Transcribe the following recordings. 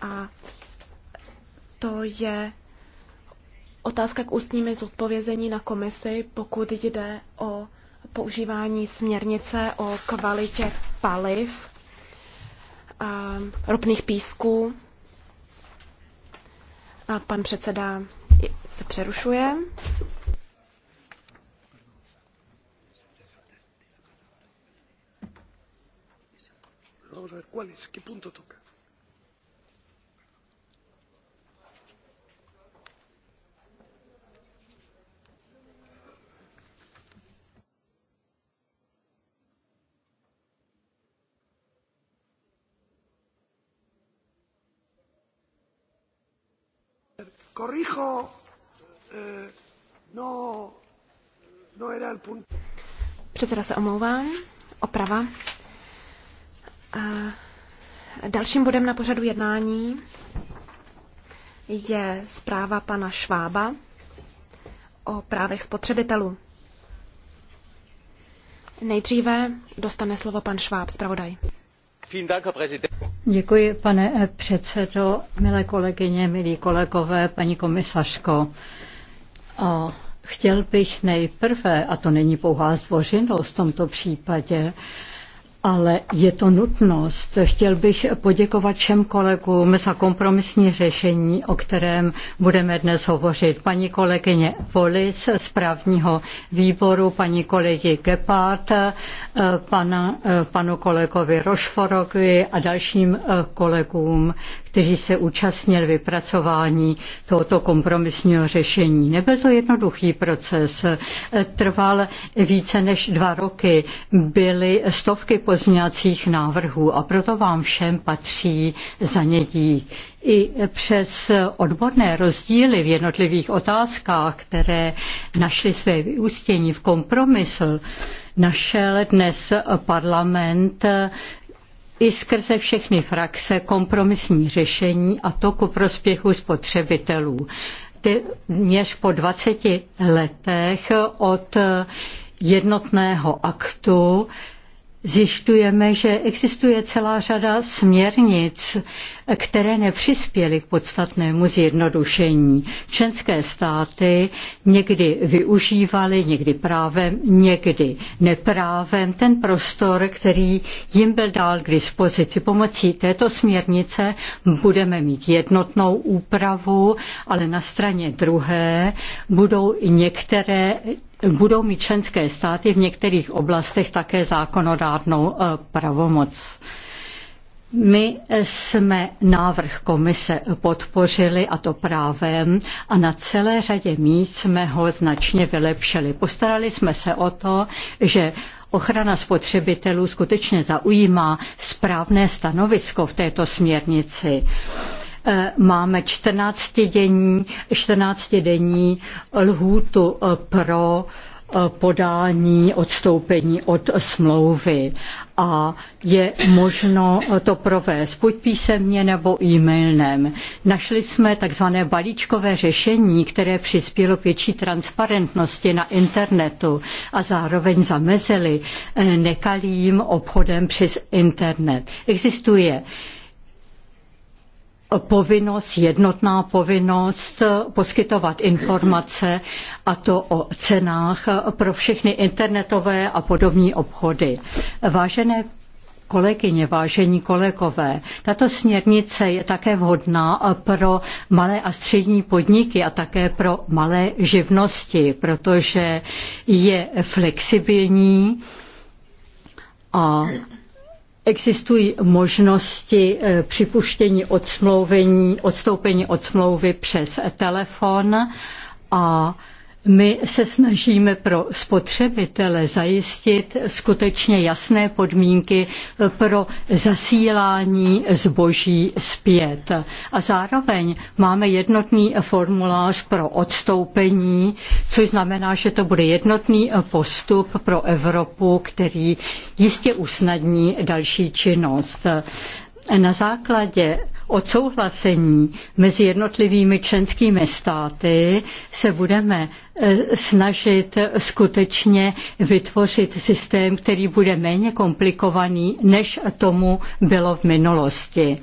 A to je otázka k ústními zodpovězení na komisi, pokud jde o používání směrnice o kvalitě paliv, a ropných písků. A pan předseda se přerušuje. Vamos a ver cuál es, qué punto toca. Eh, no, no Předseda se omlouvám. Oprava. A dalším bodem na pořadu jednání je zpráva pana Švába o právech spotřebitelů. Nejdříve dostane slovo pan Šváb, zpravodaj. Děkuji, pane eh, předsedo, milé kolegyně, milí kolegové, paní komisařko. A chtěl bych nejprve, a to není pouhá zdvořilost v tomto případě, ale je to nutnost. Chtěl bych poděkovat všem kolegům za kompromisní řešení, o kterém budeme dnes hovořit. Paní kolegyně Volis z právního výboru, paní kolegy Gepard, eh, pana, eh, panu kolegovi Rošforovi a dalším eh, kolegům, kteří se účastnili vypracování tohoto kompromisního řešení. Nebyl to jednoduchý proces, trval více než dva roky, byly stovky pozměňovacích návrhů a proto vám všem patří za ně dík. I přes odborné rozdíly v jednotlivých otázkách, které našly své vyústění v kompromisu, našel dnes parlament i skrze všechny frakce kompromisní řešení a to ku prospěchu spotřebitelů. Měř po 20 letech od jednotného aktu zjišťujeme, že existuje celá řada směrnic, které nepřispěly k podstatnému zjednodušení. Členské státy někdy využívaly, někdy právem, někdy neprávem ten prostor, který jim byl dál k dispozici. Pomocí této směrnice budeme mít jednotnou úpravu, ale na straně druhé budou některé budou mít členské státy v některých oblastech také zákonodárnou eh, pravomoc. My eh, jsme návrh komise podpořili, a to právem, a na celé řadě míst jsme ho značně vylepšili. Postarali jsme se o to, že ochrana spotřebitelů skutečně zaujímá správné stanovisko v této směrnici. Eh, máme 14-denní 14 denní lhůtu eh, pro eh, podání odstoupení od smlouvy a je možno to provést buď písemně nebo e-mailem. Našli jsme takzvané balíčkové řešení, které přispělo k větší transparentnosti na internetu a zároveň zamezili nekalým obchodem přes internet. Existuje povinnost, jednotná povinnost poskytovat informace a to o cenách pro všechny internetové a podobní obchody. Vážené kolegyně, vážení kolegové, tato směrnice je také vhodná pro malé a střední podniky a také pro malé živnosti, protože je flexibilní a existují možnosti eh, připuštění odstoupení od smlouvy přes telefon a my se snažíme pro spotřebitele zajistit skutečně jasné podmínky pro zasílání zboží zpět. A zároveň máme jednotný formulář pro odstoupení, což znamená, že to bude jednotný postup pro Evropu, který jistě usnadní další činnost. Na základě odsouhlasení mezi jednotlivými členskými státy se budeme e, snažit skutečně vytvořit systém, který bude méně komplikovaný, než tomu bylo v minulosti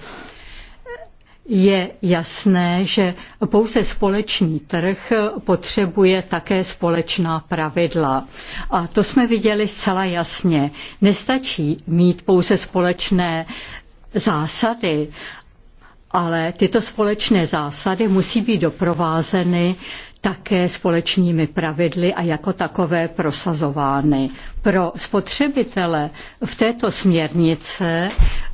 je jasné, že pouze společný trh potřebuje také společná pravidla. A to jsme viděli zcela jasně. Nestačí mít pouze společné zásady, ale tyto společné zásady musí být doprovázeny také společnými pravidly a jako takové prosazovány. Pro spotřebitele v této směrnice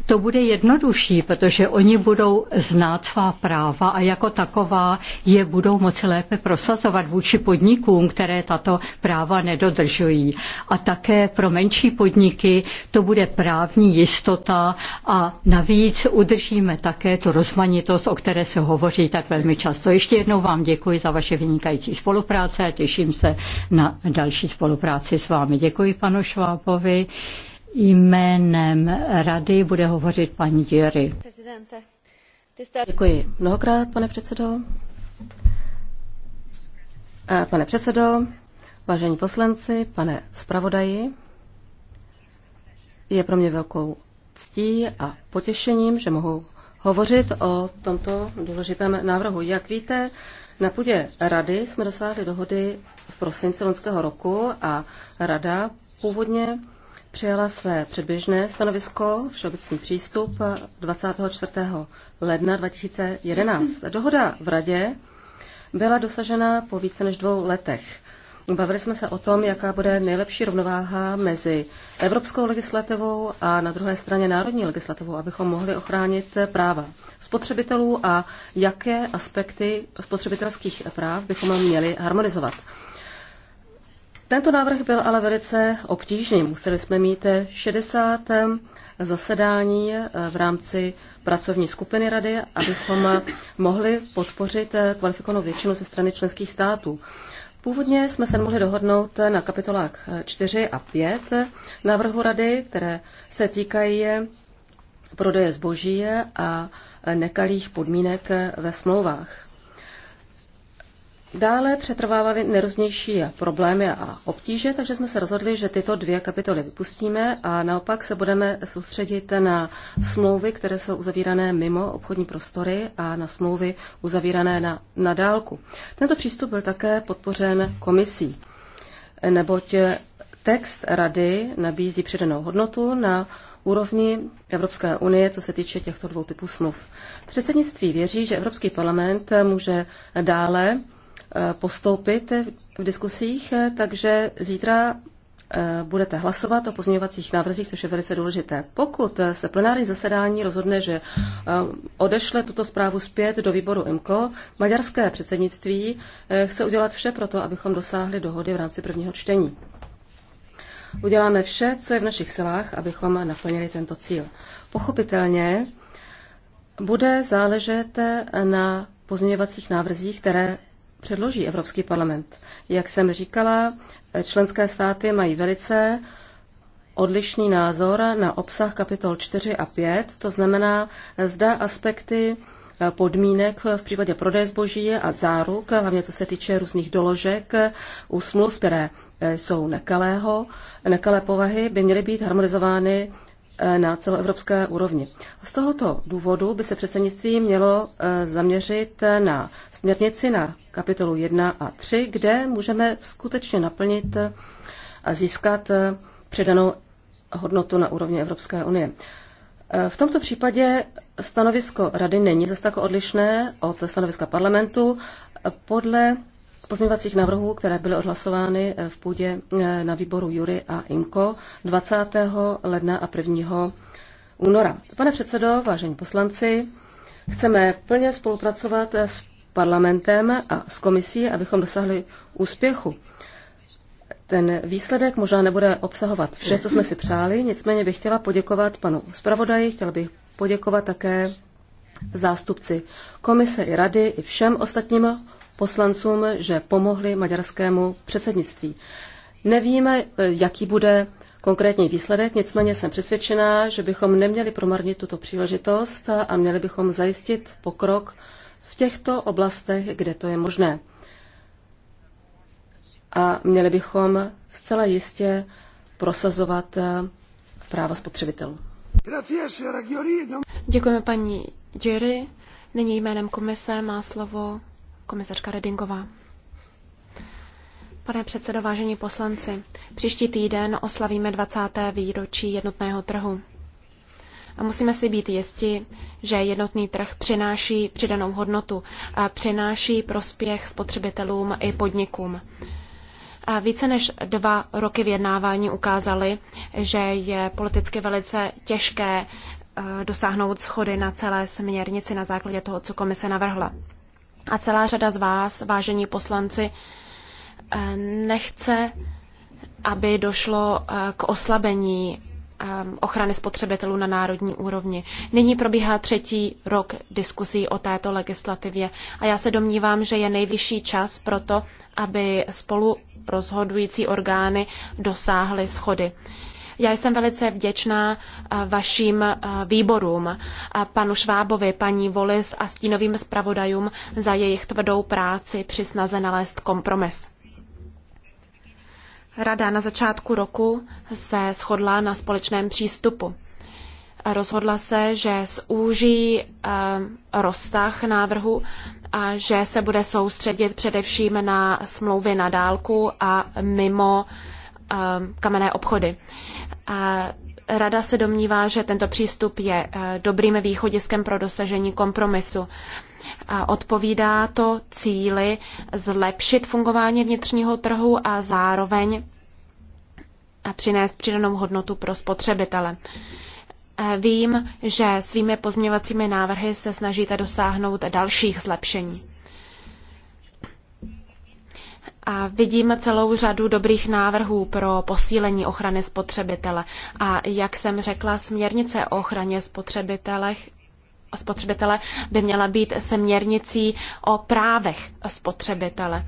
to bude jednodušší, protože oni budou znát svá práva a jako taková je budou moci lépe prosazovat vůči podnikům, které tato práva nedodržují. A také pro menší podniky to bude právní jistota a navíc udržíme také tu rozmanitost, o které se hovoří tak velmi často. Ještě jednou vám děkuji za vaše vynikající spolupráce a těším se na další spolupráci s vámi. Děkuji panu Švábovi. Jménem rady bude hovořit paní Jury. Děkuji mnohokrát, pane předsedo. Pane předsedo, vážení poslanci, pane zpravodaji, je pro mě velkou ctí a potěšením, že mohu hovořit o tomto důležitém návrhu. Jak víte, na půdě Rady jsme dosáhli dohody v prosinci loňského roku a Rada původně přijala své předběžné stanovisko, všeobecný přístup 24. Eh, ledna 2011. Dohoda v radě byla dosažena po více než dvou letech. Bavili jsme se o tom, jaká bude nejlepší rovnováha mezi evropskou legislativou a na druhé straně národní legislativou, abychom mohli ochránit práva spotřebitelů a jaké aspekty spotřebitelských práv bychom měli harmonizovat. Tento návrh byl ale velice obtížný. Museli jsme mít 60 eh, zasedání eh, v rámci pracovní skupiny rady, abychom eh, mohli podpořit kvalifikovanou většinu ze strany členských států. Původně jsme se mohli dohodnout na kapitolách 4 a 5 návrhu rady, které se týkají prodeje zboží a nekalých podmínek ve smlouvách. Dále přetrvávaly nejrůznější problémy a obtíže, takže jsme se rozhodli, že tyto dvě kapitoly vypustíme a naopak se budeme soustředit na smlouvy, které jsou uzavírané mimo obchodní prostory a na smlouvy uzavírané na, na dálku. Tento přístup byl také podpořen komisí, neboť text rady nabízí přidanou hodnotu na úrovni Evropské unie, co se týče těchto dvou typů smluv. Předsednictví věří, že Evropský parlament může dále Eh, postoupit v diskusích, eh, takže zítra eh, budete hlasovat o pozměňovacích návrzích, což je velice důležité. Pokud se plenární zasedání rozhodne, že odešle tuto zprávu zpět do výboru IMCO, maďarské předsednictví chce udělat vše pro to, abychom dosáhli dohody v rámci prvního čtení. Uděláme vše, co je v našich silách, abychom naplnili tento cíl. Pochopitelně bude záležet na pozměňovacích návrzích, které předloží Evropský parlament. Jak jsem říkala, členské státy mají velice odlišný názor na obsah kapitol 4 a 5, to znamená, zda aspekty e, podmínek v případě prodeje zboží a záruk, hlavně co se týče různých doložek e, u smluv, které e, jsou nekalého, nekalé povahy, by měly být harmonizovány Eh, na celoevropské úrovni. Z tohoto důvodu by se předsednictví mělo eh, zaměřit eh, na směrnici na kapitolu 1 a 3, kde můžeme skutečně naplnit a získat předanou hodnotu na úrovni Evropské unie. V tomto případě stanovisko Rady není zase tak odlišné od stanoviska parlamentu. Podle pozměňovacích návrhů, které byly odhlasovány eh, v půdě eh, na výboru Jury a inko 20. ledna a 1. února. Pane předsedo, vážení poslanci, chceme plně spolupracovat eh, s parlamentem a s komisí, abychom dosáhli úspěchu. Ten výsledek možná nebude obsahovat vše, co jsme si přáli, nicméně bych chtěla poděkovat panu zpravodaji, chtěla bych poděkovat také zástupci komise i rady i všem ostatním poslancům, že pomohli maďarskému předsednictví. Nevíme, eh, jaký bude konkrétní výsledek, nicméně jsem přesvědčená, že bychom neměli promarnit tuto příležitost a měli bychom zajistit pokrok v těchto oblastech, kde to je možné. A měli bychom zcela jistě prosazovat eh, práva spotřebitelů. No- Děkujeme paní Jerry. Nyní jménem komise má slovo komisařka Redingová. Pane předsedo, vážení poslanci, příští týden oslavíme 20. výročí jednotného trhu. A musíme si být jisti, že jednotný trh přináší přidanou hodnotu a přináší prospěch spotřebitelům i podnikům. A více než dva roky vyjednávání ukázaly, že je politicky velice těžké eh, dosáhnout schody na celé směrnici na základě toho, co komise navrhla. A celá řada z vás, vážení poslanci, eh, nechce, aby došlo eh, k oslabení eh, ochrany spotřebitelů na národní úrovni. Nyní probíhá třetí rok diskusí o této legislativě a já se domnívám, že je nejvyšší čas pro to, aby spolu rozhodující orgány dosáhly schody. Já jsem velice vděčná eh, vašim eh, výborům, eh, panu Švábovi, paní Volis a stínovým zpravodajům za jejich tvrdou práci při snaze nalézt kompromis. Rada na začátku roku se shodla na společném přístupu. Rozhodla se, že zúží rozsah návrhu a že se bude soustředit především na smlouvy na dálku a mimo kamenné obchody. Rada se domnívá, že tento přístup je dobrým východiskem pro dosažení kompromisu. Odpovídá to cíli zlepšit fungování vnitřního trhu a zároveň přinést přidanou hodnotu pro spotřebitele. Vím, že svými pozměňovacími návrhy se snažíte dosáhnout dalších zlepšení. A vidím celou řadu dobrých návrhů pro posílení ochrany spotřebitele. A jak jsem řekla, směrnice o ochraně spotřebitelech spotřebitele by měla být směrnicí o právech spotřebitele.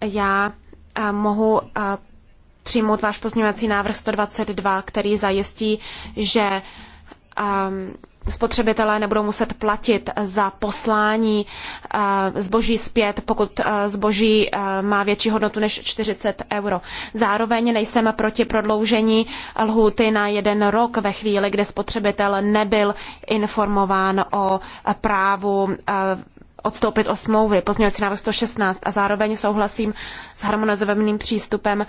Já eh, mohu eh, přijmout váš pozměňovací návrh 122, který zajistí, že ehm, spotřebitelé nebudou muset platit za poslání eh, zboží zpět, pokud eh, zboží eh, má větší hodnotu než 40 euro. Zároveň nejsem proti prodloužení lhůty na jeden rok ve chvíli, kdy spotřebitel nebyl informován o právu odstoupit od smlouvy, pozměňovací návrh 116 a zároveň souhlasím s harmonizovaným přístupem,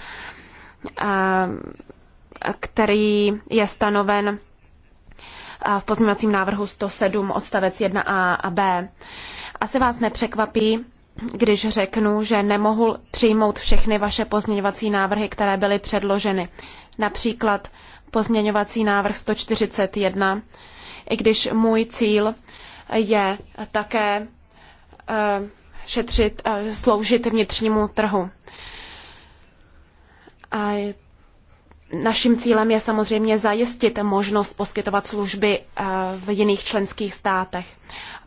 který je stanoven v pozměňovacím návrhu 107 odstavec 1a a b. Asi vás nepřekvapí, když řeknu, že nemohu přijmout všechny vaše pozměňovací návrhy, které byly předloženy. Například pozměňovací návrh 141, i když můj cíl je také eh, šetřit, eh, sloužit vnitřnímu trhu. A Naším cílem je samozřejmě zajistit možnost poskytovat služby eh, v jiných členských státech.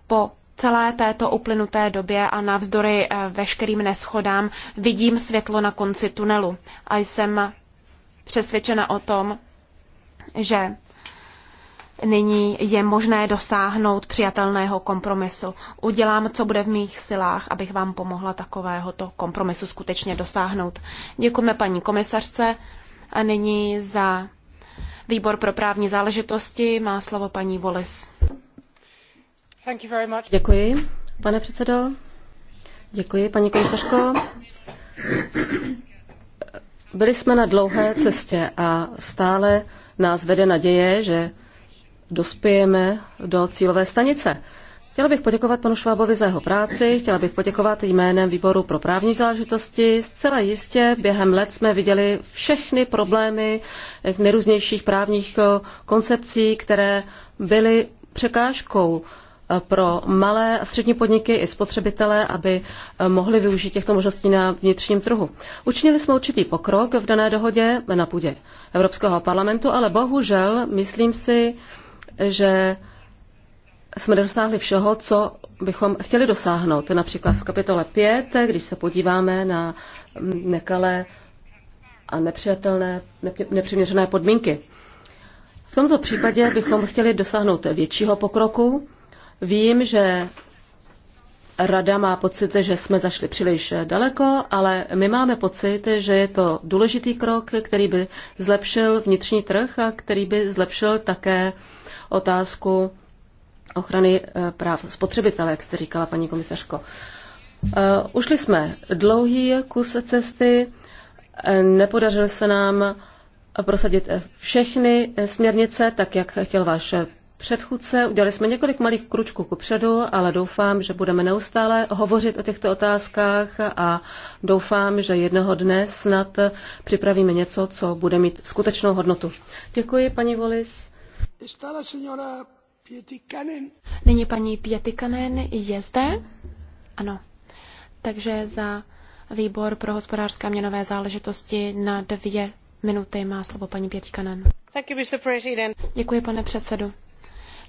Po celé této uplynuté době a navzdory eh, veškerým neschodám vidím světlo na konci tunelu a jsem přesvědčena o tom, že nyní je možné dosáhnout přijatelného kompromisu. Udělám, co bude v mých silách, abych vám pomohla takovéhoto kompromisu skutečně dosáhnout. Děkujeme paní komisařce. A nyní za výbor pro právní záležitosti má slovo paní Wallis. Děkuji, pane předsedo. Děkuji, paní komisařko. Byli jsme na dlouhé cestě a stále nás vede naděje, že dospějeme do cílové stanice. Chtěla bych poděkovat panu Švábovi za jeho práci, chtěla bych poděkovat jménem Výboru pro právní záležitosti. Zcela jistě během let jsme viděli všechny problémy v nejrůznějších právních eh, koncepcí, které byly překážkou eh, pro malé a střední podniky i spotřebitele, aby eh, mohli využít těchto možností na vnitřním trhu. Učinili jsme určitý pokrok v dané dohodě na půdě Evropského parlamentu, ale bohužel myslím si, že jsme nedosáhli všeho, co bychom chtěli dosáhnout. Například v kapitole 5, když se podíváme na nekalé a nepřijatelné, nepřiměřené podmínky. V tomto případě bychom chtěli dosáhnout většího pokroku. Vím, že Rada má pocit, že jsme zašli příliš daleko, ale my máme pocit, že je to důležitý krok, který by zlepšil vnitřní trh a který by zlepšil také otázku ochrany eh, práv spotřebitele, jak jste říkala, paní komisařko. Eh, Ušli jsme dlouhý kus cesty, eh, nepodařilo se nám prosadit všechny směrnice, tak jak chtěl váš předchůdce. Udělali jsme několik malých kručků kupředu, ale doufám, že budeme neustále hovořit o těchto otázkách a doufám, že jednoho dne snad připravíme něco, co bude mít skutečnou hodnotu. Děkuji, paní Volis. Nyní paní Pětikanen je zde? Ano. Takže za výbor pro hospodářské a měnové záležitosti na dvě minuty má slovo paní Pětikanen. Děkuji, pane předsedu.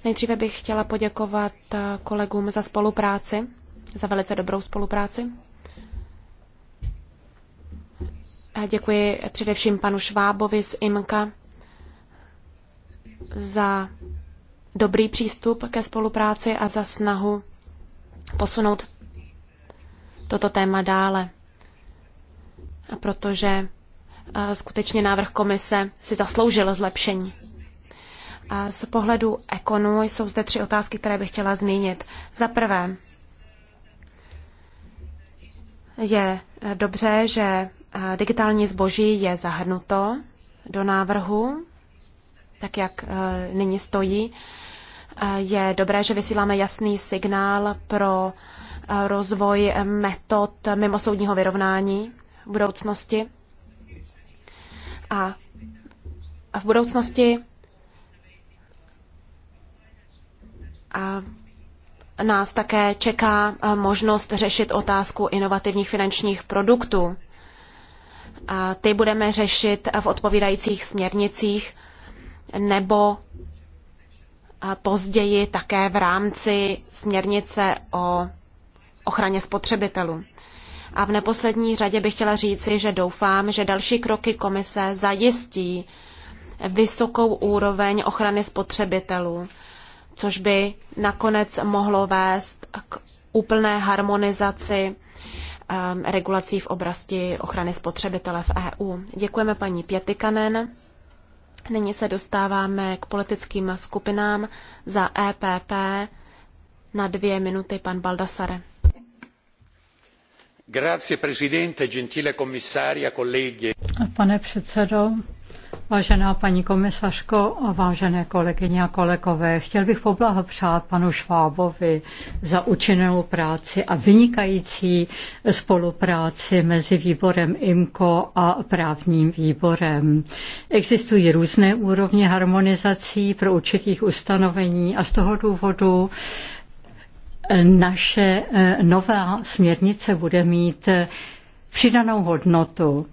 Nejdříve bych chtěla poděkovat eh, kolegům za spolupráci, za velice dobrou spolupráci. A děkuji především panu Švábovi z IMKA za dobrý přístup ke spolupráci a za snahu posunout toto téma dále. A protože e, skutečně návrh komise si zasloužil zlepšení. A z pohledu ekonu jsou zde tři otázky, které bych chtěla zmínit. Za prvé, je dobře, že e, digitální zboží je zahrnuto do návrhu, tak jak e, nyní stojí. Je dobré, že vysíláme jasný signál pro eh, rozvoj metod mimosoudního vyrovnání v budoucnosti. A v budoucnosti a nás také čeká eh, možnost řešit otázku inovativních finančních produktů. A ty budeme řešit v odpovídajících směrnicích nebo později také v rámci směrnice o ochraně spotřebitelů. A v neposlední řadě bych chtěla říci, že doufám, že další kroky komise zajistí vysokou úroveň ochrany spotřebitelů, což by nakonec mohlo vést k úplné harmonizaci um, regulací v oblasti ochrany spotřebitele v EU. Děkujeme paní Pětikanen. Nyní se dostáváme k politickým skupinám za EPP na dvě minuty pan Baldassare. Grazie, presidente, gentile komisária, colleghi. Pane předsedo, Vážená paní komisařko, vážené kolegyně a kolegové, chtěl bych poblahopřát panu Švábovi za učinenou práci a vynikající spolupráci mezi výborem IMCO a právním výborem. Existují různé úrovně harmonizací pro určitých ustanovení a z toho důvodu naše nová směrnice bude mít přidanou hodnotu.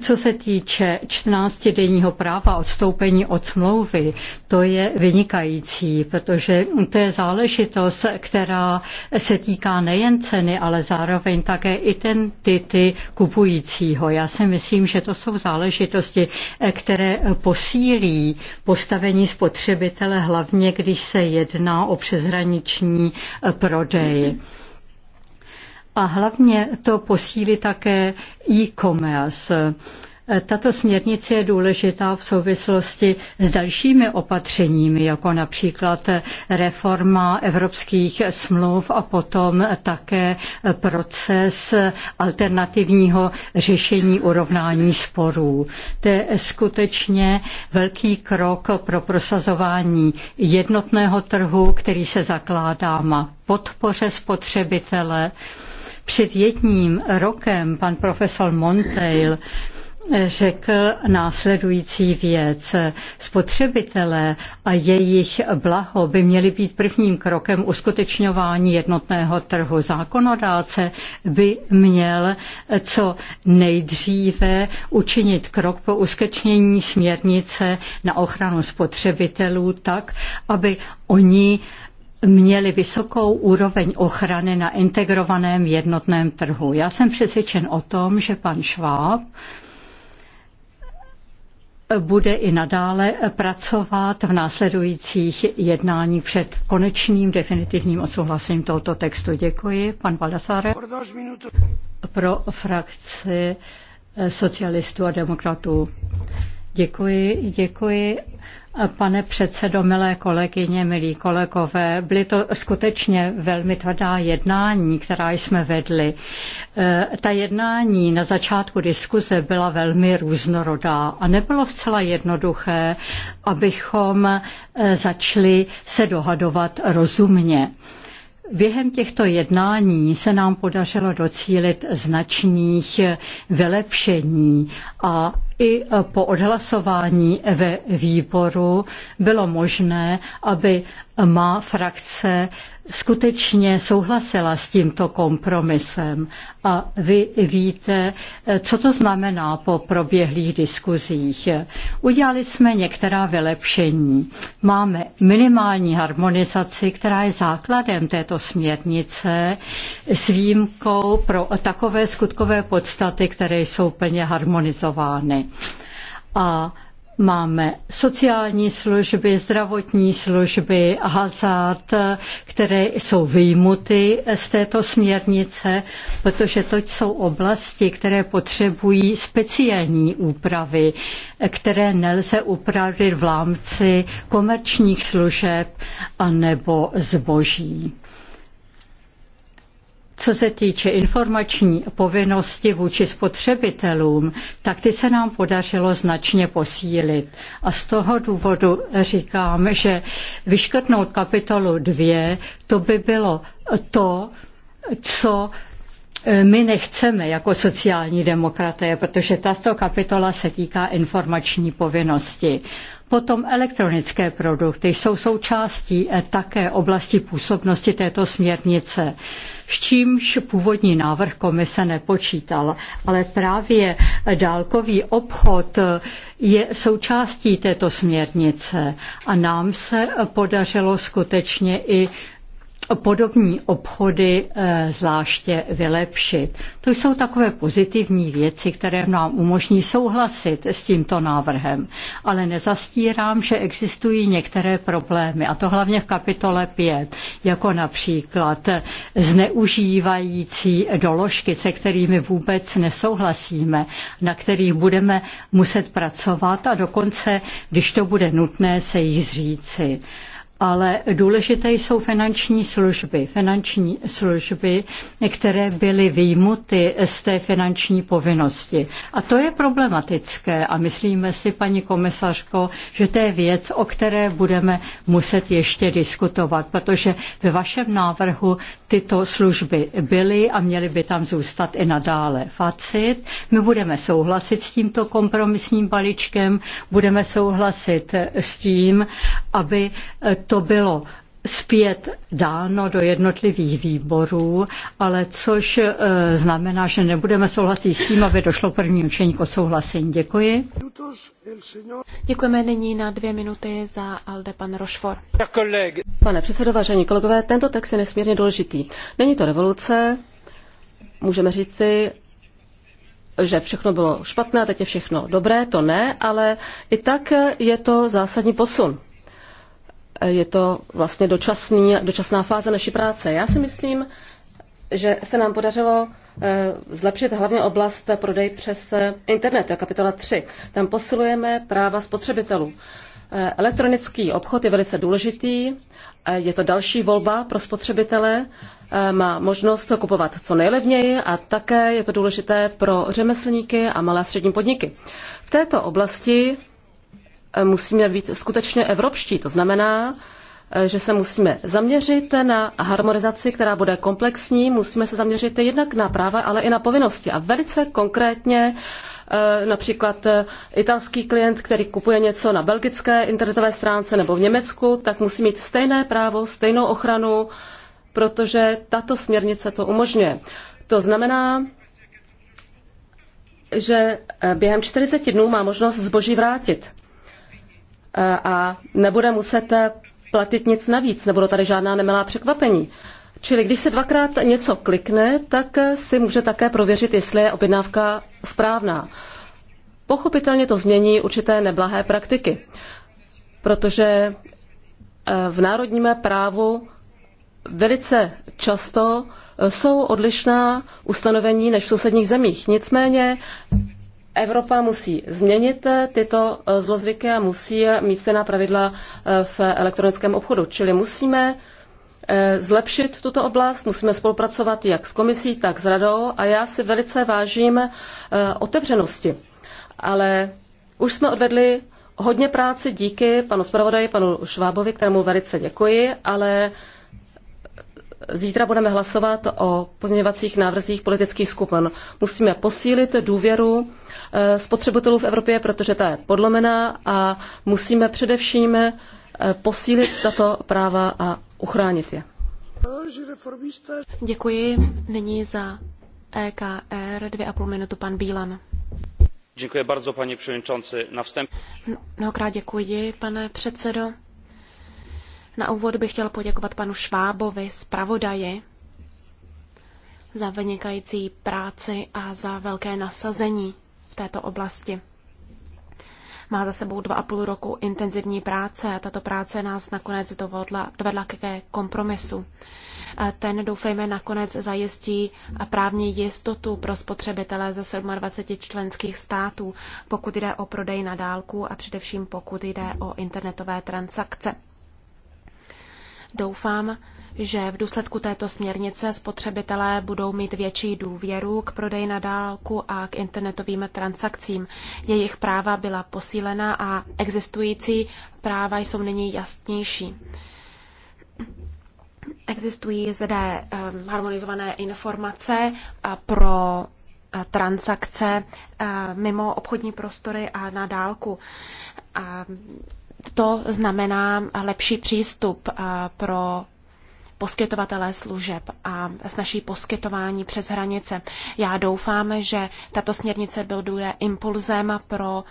Co se týče 14-denního práva odstoupení od smlouvy, to je vynikající, protože to je záležitost, která se týká nejen ceny, ale zároveň také identity kupujícího. Já si myslím, že to jsou záležitosti, které posílí postavení spotřebitele, hlavně když se jedná o přezraniční prodej. Mm-hmm a hlavně to posílí také e-commerce. Tato směrnice je důležitá v souvislosti s dalšími opatřeními, jako například reforma evropských smluv a potom také proces alternativního řešení urovnání sporů. To je skutečně velký krok pro prosazování jednotného trhu, který se zakládá na podpoře spotřebitele, před jedním rokem pan profesor Montail řekl následující věc. Spotřebitelé a jejich blaho by měly být prvním krokem uskutečňování jednotného trhu. Zákonodáce by měl co nejdříve učinit krok po uskutečnění směrnice na ochranu spotřebitelů tak, aby oni měli vysokou úroveň ochrany na integrovaném jednotném trhu. Já jsem přesvědčen o tom, že pan Šváb bude i nadále pracovat v následujících jednáních před konečným definitivním odsouhlasením tohoto textu. Děkuji, pan Valdasáre. Pro frakci socialistů a demokratů. Děkuji, děkuji. Pane předsedo, milé kolegyně, milí kolegové, byly to skutečně velmi tvrdá jednání, která jsme vedli. E, ta jednání na začátku diskuze byla velmi různorodá a nebylo zcela jednoduché, abychom e, začali se dohadovat rozumně. Během těchto jednání se nám podařilo docílit značných vylepšení a i po odhlasování ve výboru bylo možné, aby má frakce skutečně souhlasila s tímto kompromisem a vy víte, co to znamená po proběhlých diskuzích. Udělali jsme některá vylepšení. Máme minimální harmonizaci, která je základem této směrnice s výjimkou pro takové skutkové podstaty, které jsou plně harmonizovány. A Máme sociální služby, zdravotní služby, hazard, které jsou vyjmuty z této směrnice, protože to jsou oblasti, které potřebují speciální úpravy, které nelze upravit v rámci komerčních služeb anebo zboží. Co se týče informační povinnosti vůči spotřebitelům, tak ty se nám podařilo značně posílit. A z toho důvodu říkám, že vyškrtnout kapitolu 2, to by bylo to, co e, my nechceme jako sociální demokraté, protože tato kapitola se týká informační povinnosti. Potom elektronické produkty jsou součástí e, také oblasti působnosti této směrnice s čímž původní návrh komise nepočítal. Ale právě dálkový obchod je součástí této směrnice a nám se podařilo skutečně i podobní obchody eh, zvláště vylepšit. To jsou takové pozitivní věci, které nám umožní souhlasit s tímto návrhem. Ale nezastírám, že existují některé problémy, a to hlavně v kapitole 5, jako například zneužívající doložky, se kterými vůbec nesouhlasíme, na kterých budeme muset pracovat a dokonce, když to bude nutné, se jich zříci ale důležité jsou finanční služby. Finanční služby, které byly výjimuty z té finanční povinnosti. A to je problematické a myslíme si, paní komisařko, že to je věc, o které budeme muset ještě diskutovat, protože ve vašem návrhu tyto služby byly a měly by tam zůstat i nadále. Facit, my budeme souhlasit s tímto kompromisním balíčkem, budeme souhlasit s tím, aby to bylo zpět dáno do jednotlivých výborů, ale což e, znamená, že nebudeme souhlasit s tím, aby došlo k první učení k souhlasení. Děkuji. Děkujeme nyní na dvě minuty za Alde pan Rošfor. Pane předsedo, vážení kolegové, tento text je nesmírně důležitý. Není to revoluce, můžeme říci, že všechno bylo špatné, teď je všechno dobré, to ne, ale i tak je to zásadní posun je to vlastně dočasný, dočasná fáze naší práce. Já si myslím, že se nám podařilo eh, zlepšit hlavně oblast prodej přes eh, internet, to je kapitola 3. Tam posilujeme práva spotřebitelů. Eh, elektronický obchod je velice důležitý, je to další volba pro spotřebitele, má možnost kupovat co nejlevněji a také je to důležité pro řemeslníky a malé a střední podniky. V této oblasti musíme být skutečně evropští. To znamená, eh, že se musíme zaměřit na harmonizaci, která bude komplexní. Musíme se zaměřit jednak na práva, ale i na povinnosti. A velice konkrétně eh, například eh, italský klient, který kupuje něco na belgické internetové stránce nebo v Německu, tak musí mít stejné právo, stejnou ochranu, protože tato směrnice to umožňuje. To znamená, že během 40 dnů má možnost zboží vrátit a nebude muset platit nic navíc, nebudou tady žádná nemilá překvapení. Čili když se dvakrát něco klikne, tak si může také prověřit, jestli je objednávka správná. Pochopitelně to změní určité neblahé praktiky, protože eh, v národním právu velice často jsou odlišná ustanovení než v sousedních zemích. Nicméně Evropa musí změnit eh, tyto eh, zlozvyky a musí mít stejná pravidla eh, v elektronickém obchodu. Čili musíme zlepšit tuto oblast, musíme spolupracovat jak s komisí, tak s radou a já si velice vážím otevřenosti. Ale už jsme odvedli hodně práce díky panu zpravodaji, panu Švábovi, kterému velice děkuji, ale Zítra budeme hlasovat o pozměňovacích návrzích politických skupin. Musíme posílit důvěru eh, spotřebitelů v Evropě, protože ta je podlomená a musíme především eh, posílit tato práva a uchránit je. Děkuji. Nyní za EKR dvě a půl minutu pan Bílan. Děkuji bardzo, paní předsedající. Na vstem... Mnohokrát děkuji, pane předsedo. Na úvod bych chtěl poděkovat panu Švábovi, zpravodaji, za vynikající práci a za velké nasazení v této oblasti. Má za sebou dva a půl roku intenzivní práce a tato práce nás nakonec dovedla, dovedla ke kompromisu. Ten, doufejme, nakonec zajistí právní jistotu pro spotřebitele ze 27 členských států, pokud jde o prodej na dálku a především pokud jde o internetové transakce. Doufám, že v důsledku této směrnice spotřebitelé budou mít větší důvěru k prodeji na dálku a k internetovým transakcím. Jejich práva byla posílena a existující práva jsou nyní jasnější. Existují zde ehm, harmonizované informace pro eh, transakce eh, mimo obchodní prostory a na dálku to znamená lepší přístup pro poskytovatelé služeb a snaží poskytování přes hranice. Já doufám, že tato směrnice bude impulzem pro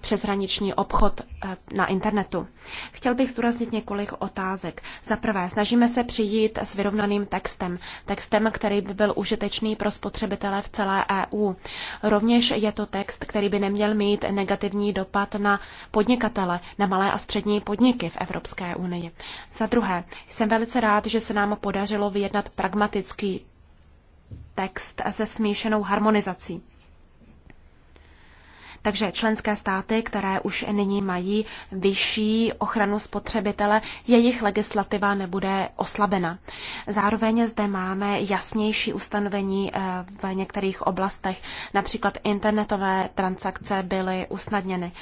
přeshraniční obchod eh, na internetu. Chtěl bych zdůraznit několik otázek. Za prvé, snažíme se přijít s vyrovnaným textem, textem, který by byl užitečný pro spotřebitele v celé EU. Rovněž je to text, který by neměl mít negativní dopad na podnikatele, na malé a střední podniky v Evropské unii. Za druhé, jsem velice rád, že se nám podařilo vyjednat pragmatický text se smíšenou harmonizací. Takže členské státy, které už nyní mají vyšší ochranu spotřebitele, jejich legislativa nebude oslabena. Zároveň zde máme jasnější ustanovení eh, v některých oblastech, například internetové transakce byly usnadněny.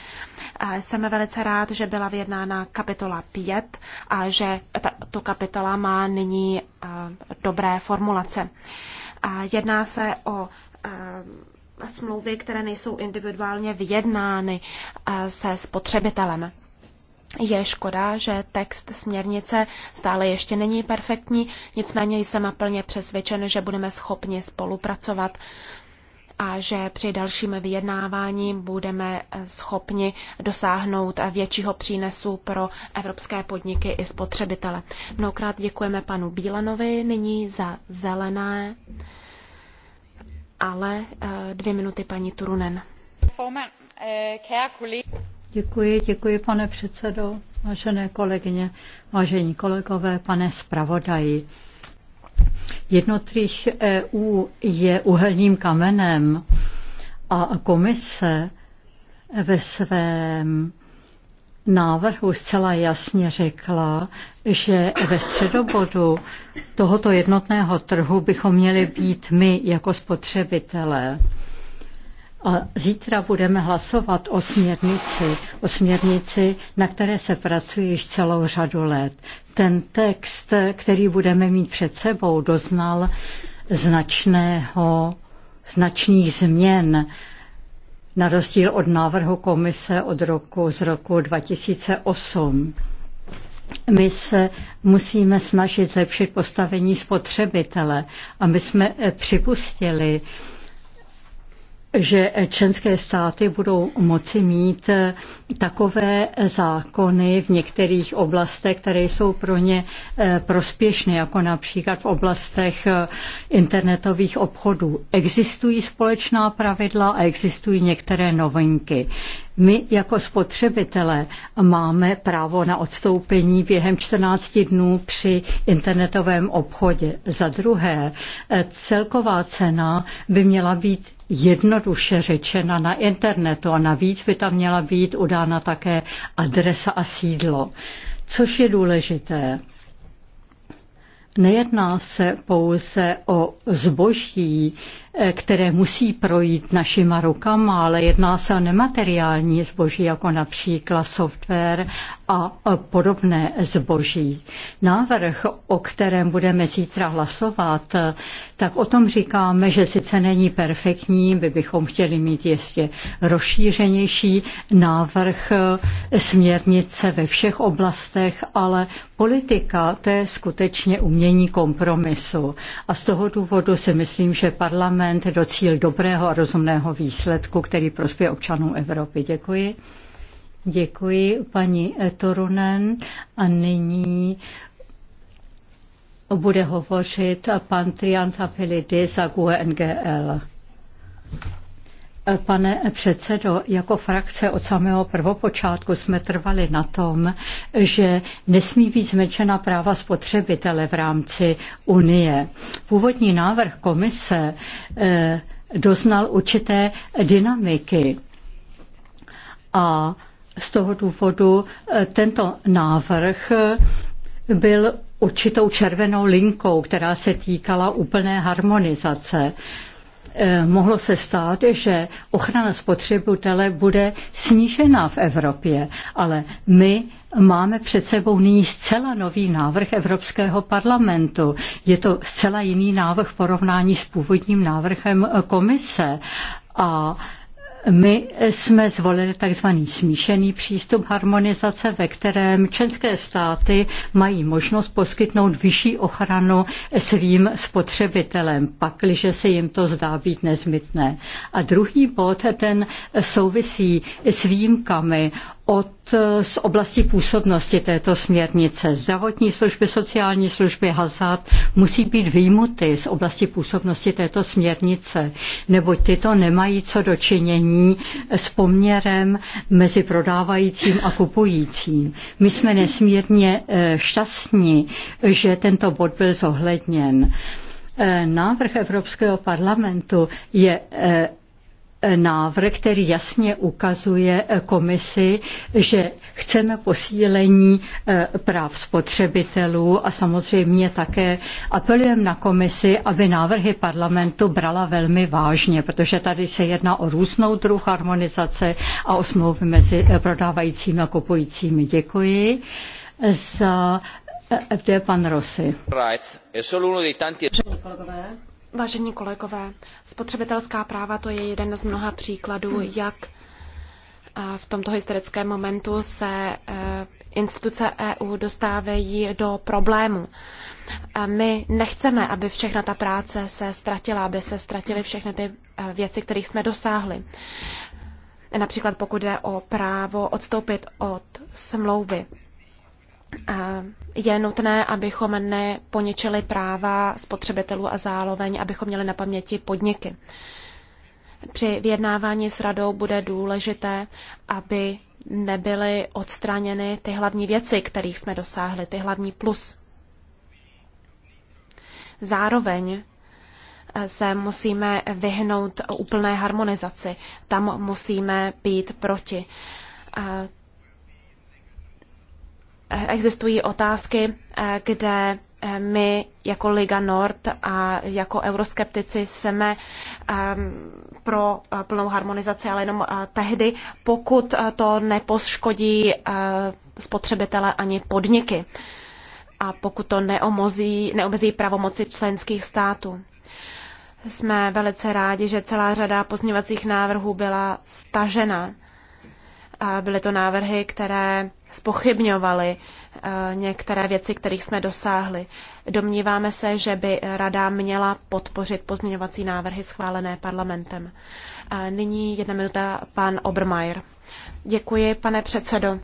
Jsem velice rád, že byla vyjednána kapitola 5 a že tato kapitola má nyní eh, dobré formulace. Jedná se o eh, smlouvy, které nejsou individuálně vyjednány eh, se spotřebitelem. Je škoda, že text směrnice stále ještě není perfektní, nicméně jsem plně přesvědčen, že budeme schopni spolupracovat a že při dalším vyjednávání budeme eh, schopni dosáhnout eh, většího přínesu pro evropské podniky i spotřebitele. Mnohokrát děkujeme panu Bílanovi nyní za zelené ale eh, dvě minuty paní Turunen. Eh, děkuji, děkuji pane předsedo, vážené kolegyně, vážení kolegové, pane zpravodaji. Jednotlivých EU je uhelním kamenem a komise ve svém návrhu zcela jasně řekla, že ve středobodu tohoto jednotného trhu bychom měli být my jako spotřebitelé. A zítra budeme hlasovat o směrnici, o směrnici, na které se pracuje již celou řadu let. Ten text, který budeme mít před sebou, doznal značného, značných změn na rozdíl od návrhu komise od roku z roku 2008. My se musíme snažit zlepšit postavení spotřebitele, my jsme eh, připustili, že členské státy budou moci mít takové zákony v některých oblastech, které jsou pro ně eh, prospěšné, jako například v oblastech eh, internetových obchodů. Existují společná pravidla a existují některé novinky. My jako spotřebitelé máme právo na odstoupení během 14 dnů při internetovém obchodě. Za druhé, celková cena by měla být jednoduše řečena na internetu a navíc by tam měla být udána také adresa a sídlo, což je důležité. Nejedná se pouze o zboží, které musí projít našima rukama, ale jedná se o nemateriální zboží, jako například software a podobné zboží. Návrh, o kterém budeme zítra hlasovat, tak o tom říkáme, že sice není perfektní, by bychom chtěli mít ještě rozšířenější návrh směrnice ve všech oblastech, ale politika to je skutečně umění kompromisu. A z toho důvodu si myslím, že parlament parlament docíl dobrého a rozumného výsledku, který prospěje občanům Evropy. Děkuji. Děkuji paní Torunen a nyní bude hovořit pan Pelidy za GUNGL. Pane předsedo, jako frakce od samého prvopočátku jsme trvali na tom, že nesmí být zmečena práva spotřebitele v rámci Unie. Původní návrh komise eh, doznal určité dynamiky a z toho důvodu eh, tento návrh byl určitou červenou linkou, která se týkala úplné harmonizace. Eh, mohlo se stát, že ochrana spotřebitele bude snížena v Evropě, ale my máme před sebou nyní zcela nový návrh Evropského parlamentu. Je to zcela jiný návrh v porovnání s původním návrhem eh, komise. A my jsme zvolili tzv. smíšený přístup harmonizace, ve kterém členské státy mají možnost poskytnout vyšší ochranu svým spotřebitelem, pakliže se jim to zdá být nezbytné. A druhý bod, ten souvisí s výjimkami od, z oblasti působnosti této směrnice. Zdravotní služby, sociální služby, hazard musí být výjimuty z oblasti působnosti této směrnice, neboť tyto nemají co dočinění s poměrem mezi prodávajícím a kupujícím. My jsme nesmírně eh, šťastní, že tento bod byl zohledněn eh, návrh Evropského parlamentu je eh, návrh, který jasně ukazuje eh, komisi, že chceme posílení eh, práv spotřebitelů a samozřejmě také apelujeme na komisi, aby návrhy parlamentu brala velmi vážně, protože tady se jedná o různou druh harmonizace a o smlouvy mezi eh, prodávajícími a kupujícími. Děkuji za FD pan Rossi. E kolegové, Vážení kolegové, spotřebitelská práva to je jeden z mnoha příkladů, hmm. jak eh, v tomto historickém momentu se eh, instituce EU dostávají do problému. My nechceme, aby všechna ta práce se ztratila, aby se ztratily všechny ty eh, věci, kterých jsme dosáhli. Například pokud jde o právo odstoupit od smlouvy je nutné, abychom neponičili práva spotřebitelů a zároveň, abychom měli na paměti podniky. Při vyjednávání s radou bude důležité, aby nebyly odstraněny ty hlavní věci, kterých jsme dosáhli, ty hlavní plus. Zároveň eh, se musíme vyhnout úplné harmonizaci. Tam musíme být proti existují otázky, eh, kde eh, my jako Liga Nord a jako euroskeptici jsme ehm, pro eh, plnou harmonizaci, ale jenom tehdy, pokud to nepoškodí spotřebitele ani podniky a pokud to neomozí, neomezí pravomoci členských států. Jsme velice rádi, že celá řada pozměňovacích návrhů byla stažena. A Byly to návrhy, které spochybňovaly eh, některé věci, kterých jsme dosáhli. Domníváme se, že by Rada měla podpořit pozměňovací návrhy schválené parlamentem. A nyní jedna minuta pan Obermeier. Děkuji, pane předsedo.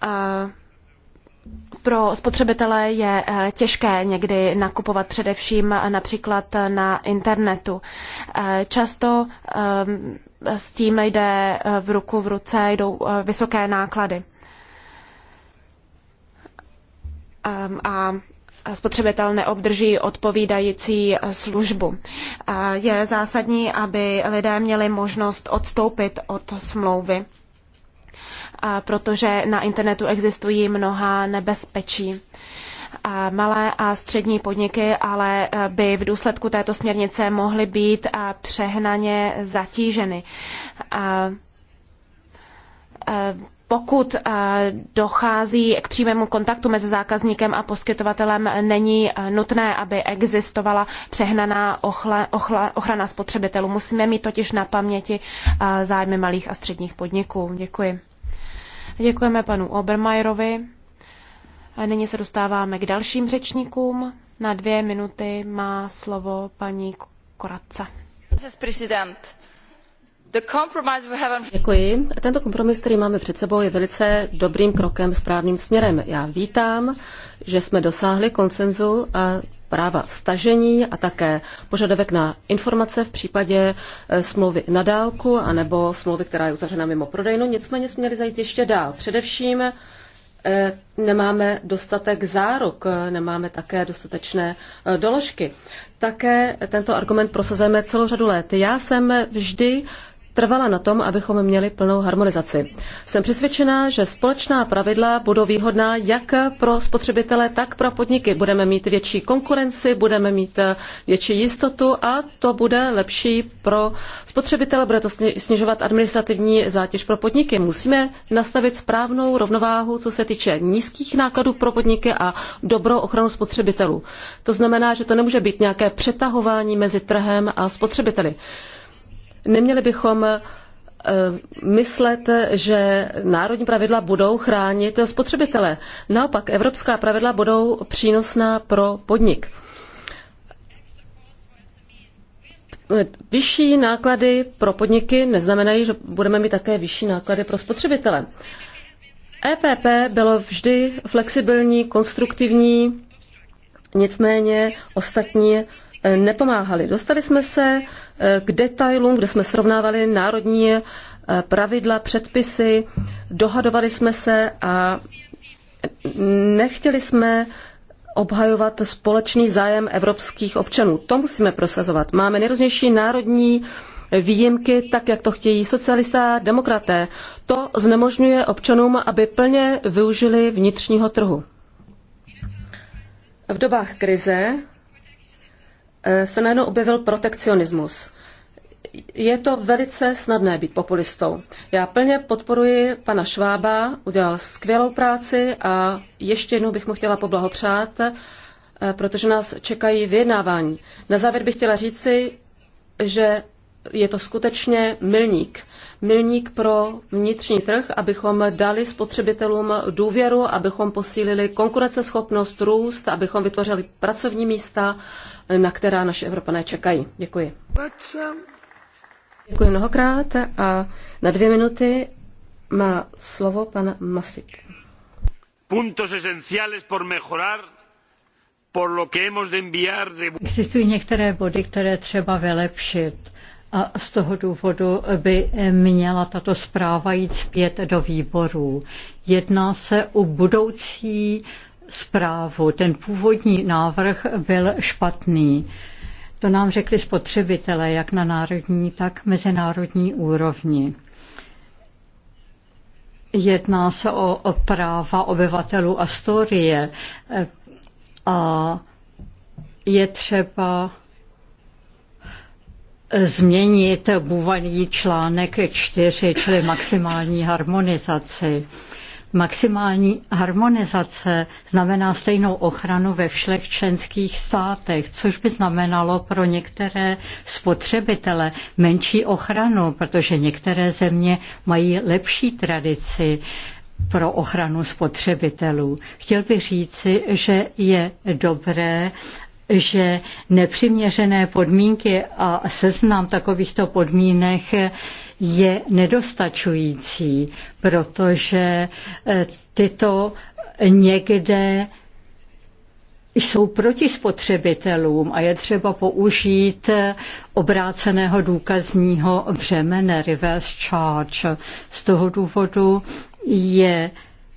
A pro spotřebitele je eh, těžké někdy nakupovat především například na internetu. Eh, často s tím jde eh, v ruku v ruce, jdou eh, vysoké náklady. Ehm, a spotřebitel neobdrží odpovídající eh, službu. Je zásadní, aby lidé měli možnost odstoupit od smlouvy, protože na internetu existují mnoha nebezpečí malé a střední podniky, ale eh, by v důsledku této směrnice mohly být eh, přehnaně zatíženy. Eh, pokud dochází k přímému kontaktu mezi zákazníkem a poskytovatelem, není nutné, aby existovala přehnaná ochrana spotřebitelů. Musíme mít totiž na paměti zájmy malých a středních podniků. Děkuji. Děkujeme panu Obermajerovi. A nyní se dostáváme k dalším řečníkům. Na dvě minuty má slovo paní Koradca. Děkuji. Tento kompromis, který máme před sebou, je velice dobrým krokem správným směrem. Já vítám, že jsme dosáhli konsenzu a práva stažení a také požadavek na informace v případě e, smlouvy na dálku anebo smlouvy, která je uzavřena mimo prodejnu. Nicméně jsme měli zajít ještě dál. Především E, nemáme dostatek zárok, e, nemáme také dostatečné e, doložky. Také tento argument prosazujeme celou řadu let. Já jsem vždy trvala na tom, abychom měli plnou harmonizaci. Jsem přesvědčená, že společná pravidla budou výhodná jak pro spotřebitele, tak pro podniky. Budeme mít větší konkurenci, budeme mít eh, větší jistotu a to bude lepší pro spotřebitele, bude to snižovat administrativní zátěž pro podniky. Musíme nastavit správnou rovnováhu, co se týče nízkých nákladů pro podniky a dobrou ochranu spotřebitelů. To znamená, že to nemůže být nějaké přetahování mezi trhem a spotřebiteli. Neměli bychom eh, myslet, že národní pravidla budou chránit spotřebitele. Naopak, evropská pravidla budou přínosná pro podnik. Vyšší náklady pro podniky neznamenají, že budeme mít také vyšší náklady pro spotřebitele. EPP bylo vždy flexibilní, konstruktivní, nicméně ostatní nepomáhali. Dostali jsme se eh, k detailům, kde jsme srovnávali národní eh, pravidla, předpisy, dohadovali jsme se a nechtěli jsme obhajovat společný zájem evropských občanů. To musíme prosazovat. Máme nejrůznější národní výjimky, tak jak to chtějí socialisté a demokraté. To znemožňuje občanům, aby plně využili vnitřního trhu. V dobách krize Eh, se najednou objevil protekcionismus. Je to velice snadné být populistou. Já plně podporuji pana Švába, udělal skvělou práci a ještě jednou bych mu chtěla poblahopřát, eh, protože nás čekají vyjednávání. Na závěr bych chtěla říci, že je to skutečně milník milník pro vnitřní trh, abychom dali spotřebitelům důvěru, abychom posílili konkurenceschopnost, růst, abychom vytvořili pracovní místa, na která naše Evropané čekají. Děkuji. Děkuji mnohokrát a na dvě minuty má slovo pan Masip. Puntos esenciales por mejorar por lo que hemos de enviar Existují některé body, které třeba vylepšit a z toho důvodu by měla tato zpráva jít zpět do výborů. Jedná se o budoucí zprávu. Ten původní návrh byl špatný. To nám řekli spotřebitelé, jak na národní, tak mezinárodní úrovni. Jedná se o, o práva obyvatelů Astorie a je třeba změnit bůvaný článek 4, čili maximální harmonizaci. Maximální harmonizace znamená stejnou ochranu ve všech členských státech, což by znamenalo pro některé spotřebitele menší ochranu, protože některé země mají lepší tradici pro ochranu spotřebitelů. Chtěl bych říci, že je dobré, že nepřiměřené podmínky a seznam takovýchto podmínek je nedostačující, protože eh, tyto někde jsou proti spotřebitelům a je třeba použít eh, obráceného důkazního břemene, reverse charge. Z toho důvodu je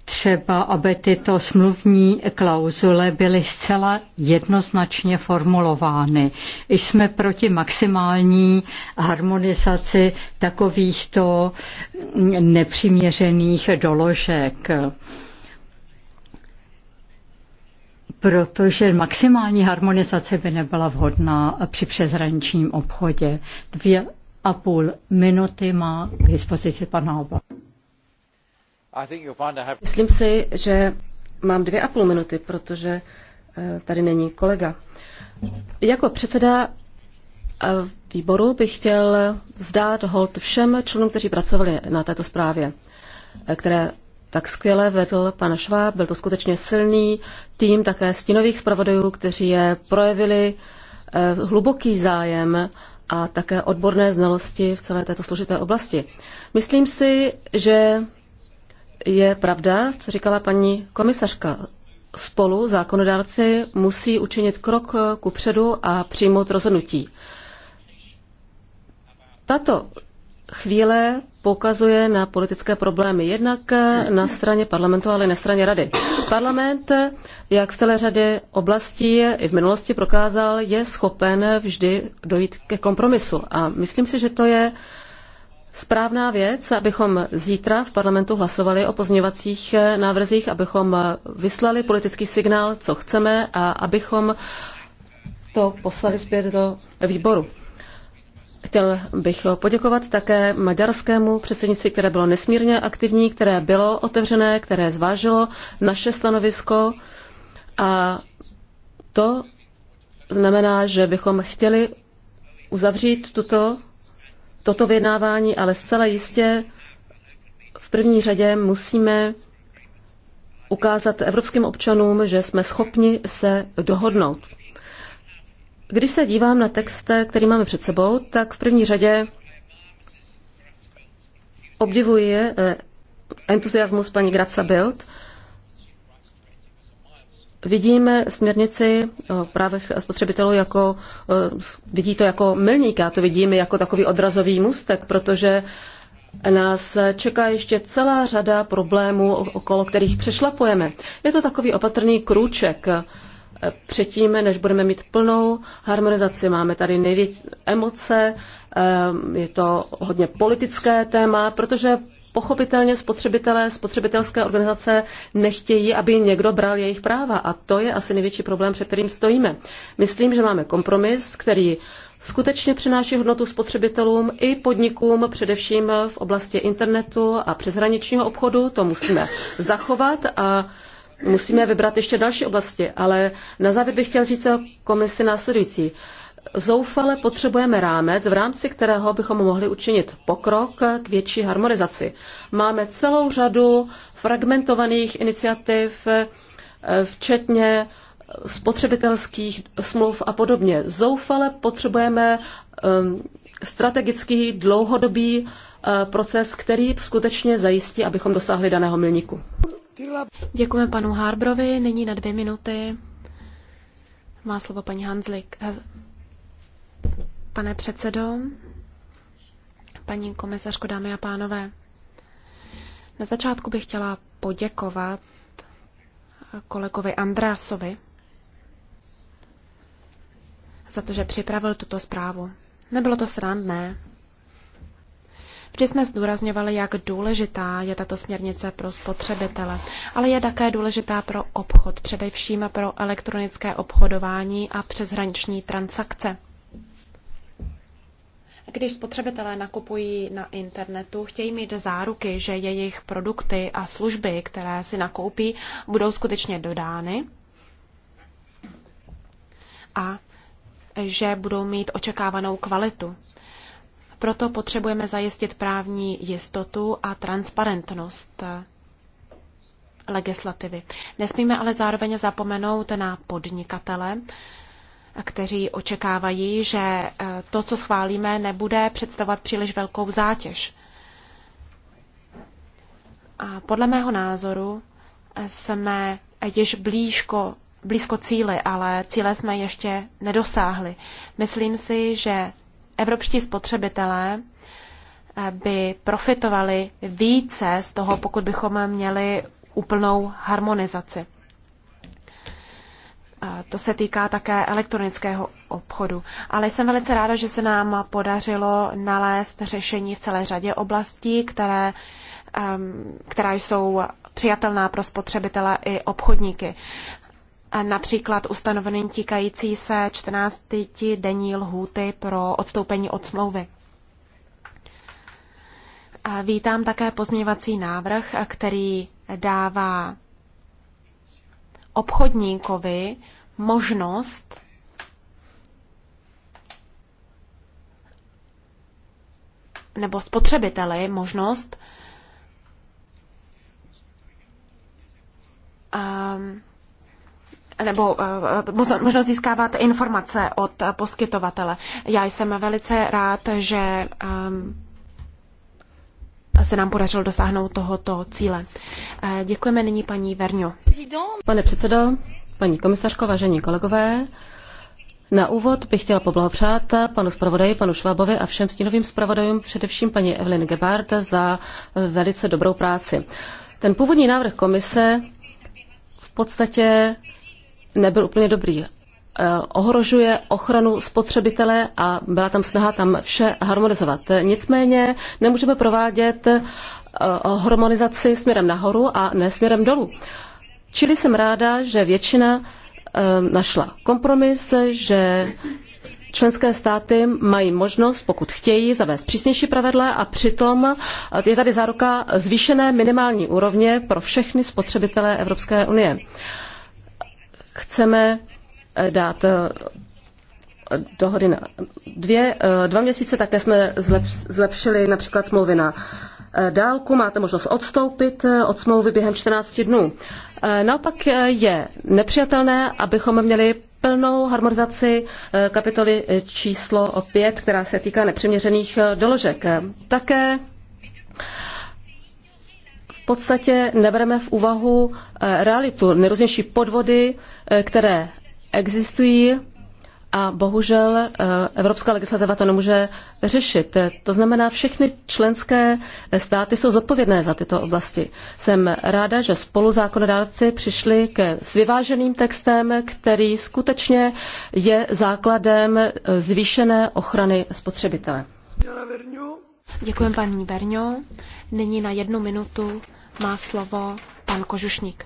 třeba, aby tyto smluvní klauzule byly zcela jednoznačně formulovány. Jsme proti maximální harmonizaci takovýchto nepřiměřených doložek protože maximální harmonizace by nebyla vhodná při přeshraničním obchodě. Dvě a půl minuty má k dispozici pan Hauba. Myslím si, že mám dvě a půl minuty, protože eh, tady není kolega. Jako předseda eh, výboru bych chtěl zdát hold všem členům, kteří pracovali na této zprávě, eh, které tak skvěle vedl pan Schwab. Byl to skutečně silný tým také stínových zpravodajů, kteří je projevili hluboký zájem a také odborné znalosti v celé této složité oblasti. Myslím si, že je pravda, co říkala paní komisařka. Spolu zákonodárci musí učinit krok ku předu a přijmout rozhodnutí. Tato chvíle poukazuje na politické problémy, jednak na straně parlamentu, ale i na straně rady. Parlament, jak v celé řadě oblastí i v minulosti prokázal, je schopen vždy dojít ke kompromisu. A myslím si, že to je uh, správná věc, abychom zítra v parlamentu hlasovali o pozměňovacích eh, návrzích, abychom eh, vyslali politický signál, co chceme a abychom to poslali zpět do výboru. Chtěl bych poděkovat také maďarskému předsednictví, které bylo nesmírně aktivní, které bylo otevřené, které zvážilo naše stanovisko a to znamená, že bychom chtěli uzavřít tuto toto vyjednávání, ale zcela jistě v první řadě musíme ukázat evropským občanům, že jsme schopni se dohodnout. Když se dívám na text, který máme před sebou, tak v první řadě obdivuji eh, entuziasmus paní Graca Bild, vidíme směrnici o právech spotřebitelů jako, eh, vidí to jako milník, já to vidím jako takový odrazový mustek, protože nás čeká ještě celá řada problémů, okolo kterých přešlapujeme. Je to takový opatrný krůček. Eh, předtím, než budeme mít plnou harmonizaci, máme tady největší emoce, eh, je to hodně politické téma, protože pochopitelně spotřebitelé, spotřebitelské organizace nechtějí, aby někdo bral jejich práva a to je asi největší problém, před kterým stojíme. Myslím, že máme kompromis, který skutečně přináší hodnotu spotřebitelům i podnikům, především v oblasti internetu a přeshraničního obchodu. To musíme zachovat a musíme vybrat ještě další oblasti. Ale na závěr bych chtěl říct komisi následující zoufale potřebujeme rámec, v rámci kterého bychom mohli učinit pokrok k větší harmonizaci. Máme celou řadu fragmentovaných iniciativ, eh, včetně spotřebitelských smluv a podobně. Zoufale potřebujeme ehm, strategický dlouhodobý eh, proces, který skutečně zajistí, abychom dosáhli daného milníku. Děkujeme panu Harbrovi. Nyní na dvě minuty má slovo paní Hanzlik, Pane předsedo, paní komisařko, dámy a pánové, na začátku bych chtěla poděkovat kolegovi Andrásovi za to, že připravil tuto zprávu. Nebylo to srandné. Vždy jsme zdůrazňovali, jak důležitá je tato směrnice pro spotřebitele, ale je také důležitá pro obchod, především pro elektronické obchodování a přeshraniční transakce. Když spotřebitelé nakupují na internetu, chtějí mít záruky, že jejich produkty a služby, které si nakoupí, budou skutečně dodány a že budou mít očekávanou kvalitu. Proto potřebujeme zajistit právní jistotu a transparentnost legislativy. Nesmíme ale zároveň zapomenout na podnikatele, kteří očekávají, že eh, to, co schválíme, nebude představovat příliš velkou zátěž. A podle mého názoru eh, jsme již blízko, blízko cíly, ale cíle jsme ještě nedosáhli. Myslím si, že evropští spotřebitelé eh, by profitovali více z toho, pokud bychom měli úplnou harmonizaci. To se týká také elektronického obchodu. Ale jsem velice ráda, že se nám podařilo nalézt řešení v celé řadě oblastí, které, která jsou přijatelná pro spotřebitele i obchodníky. Například ustanovení týkající se 14 denní lhůty pro odstoupení od smlouvy. vítám také pozměňovací návrh, který dává obchodníkovi možnost nebo spotřebiteli možnost ehm, nebo eh, možnost získávat informace od poskytovatele. Já jsem velice rád, že ehm, se nám podařilo dosáhnout tohoto cíle. Eh, děkujeme nyní paní Verňo. Pane předsedo, Paní komisařko, vážení kolegové, na úvod bych chtěla poblahopřát panu zpravodaji, panu Švábovi a všem stínovým zpravodajům, především paní Evelyn Gebhardt, za velice dobrou práci. Ten původní návrh komise v podstatě nebyl úplně dobrý. Eh, ohrožuje ochranu spotřebitele a byla tam snaha tam vše harmonizovat. Nicméně nemůžeme provádět eh, harmonizaci směrem nahoru a ne směrem dolů. Čili jsem ráda, že většina ehm, našla kompromis, že členské státy mají možnost, pokud chtějí, zavést přísnější pravidla a přitom je tady záruka zvýšené minimální úrovně pro všechny spotřebitele Evropské unie. Chceme eh, dát eh, dohody na dvě, eh, dva měsíce, také jsme zlepšili například smlouvy na dálku, máte možnost odstoupit od smlouvy během 14 dnů. E, naopak e, je nepřijatelné, abychom měli plnou harmonizaci e, kapitoly číslo 5, která se týká nepřiměřených doložek. Také v podstatě nebereme v úvahu realitu, nejrůznější podvody, které existují a bohužel eh, evropská legislativa to nemůže řešit. To znamená, všechny členské státy jsou zodpovědné za tyto oblasti. Jsem ráda, že spoluzákonodárci přišli k vyváženým textem, který skutečně je základem eh, zvýšené ochrany spotřebitele. Děkuji paní Berňo. Nyní na jednu minutu má slovo pan Kožušník.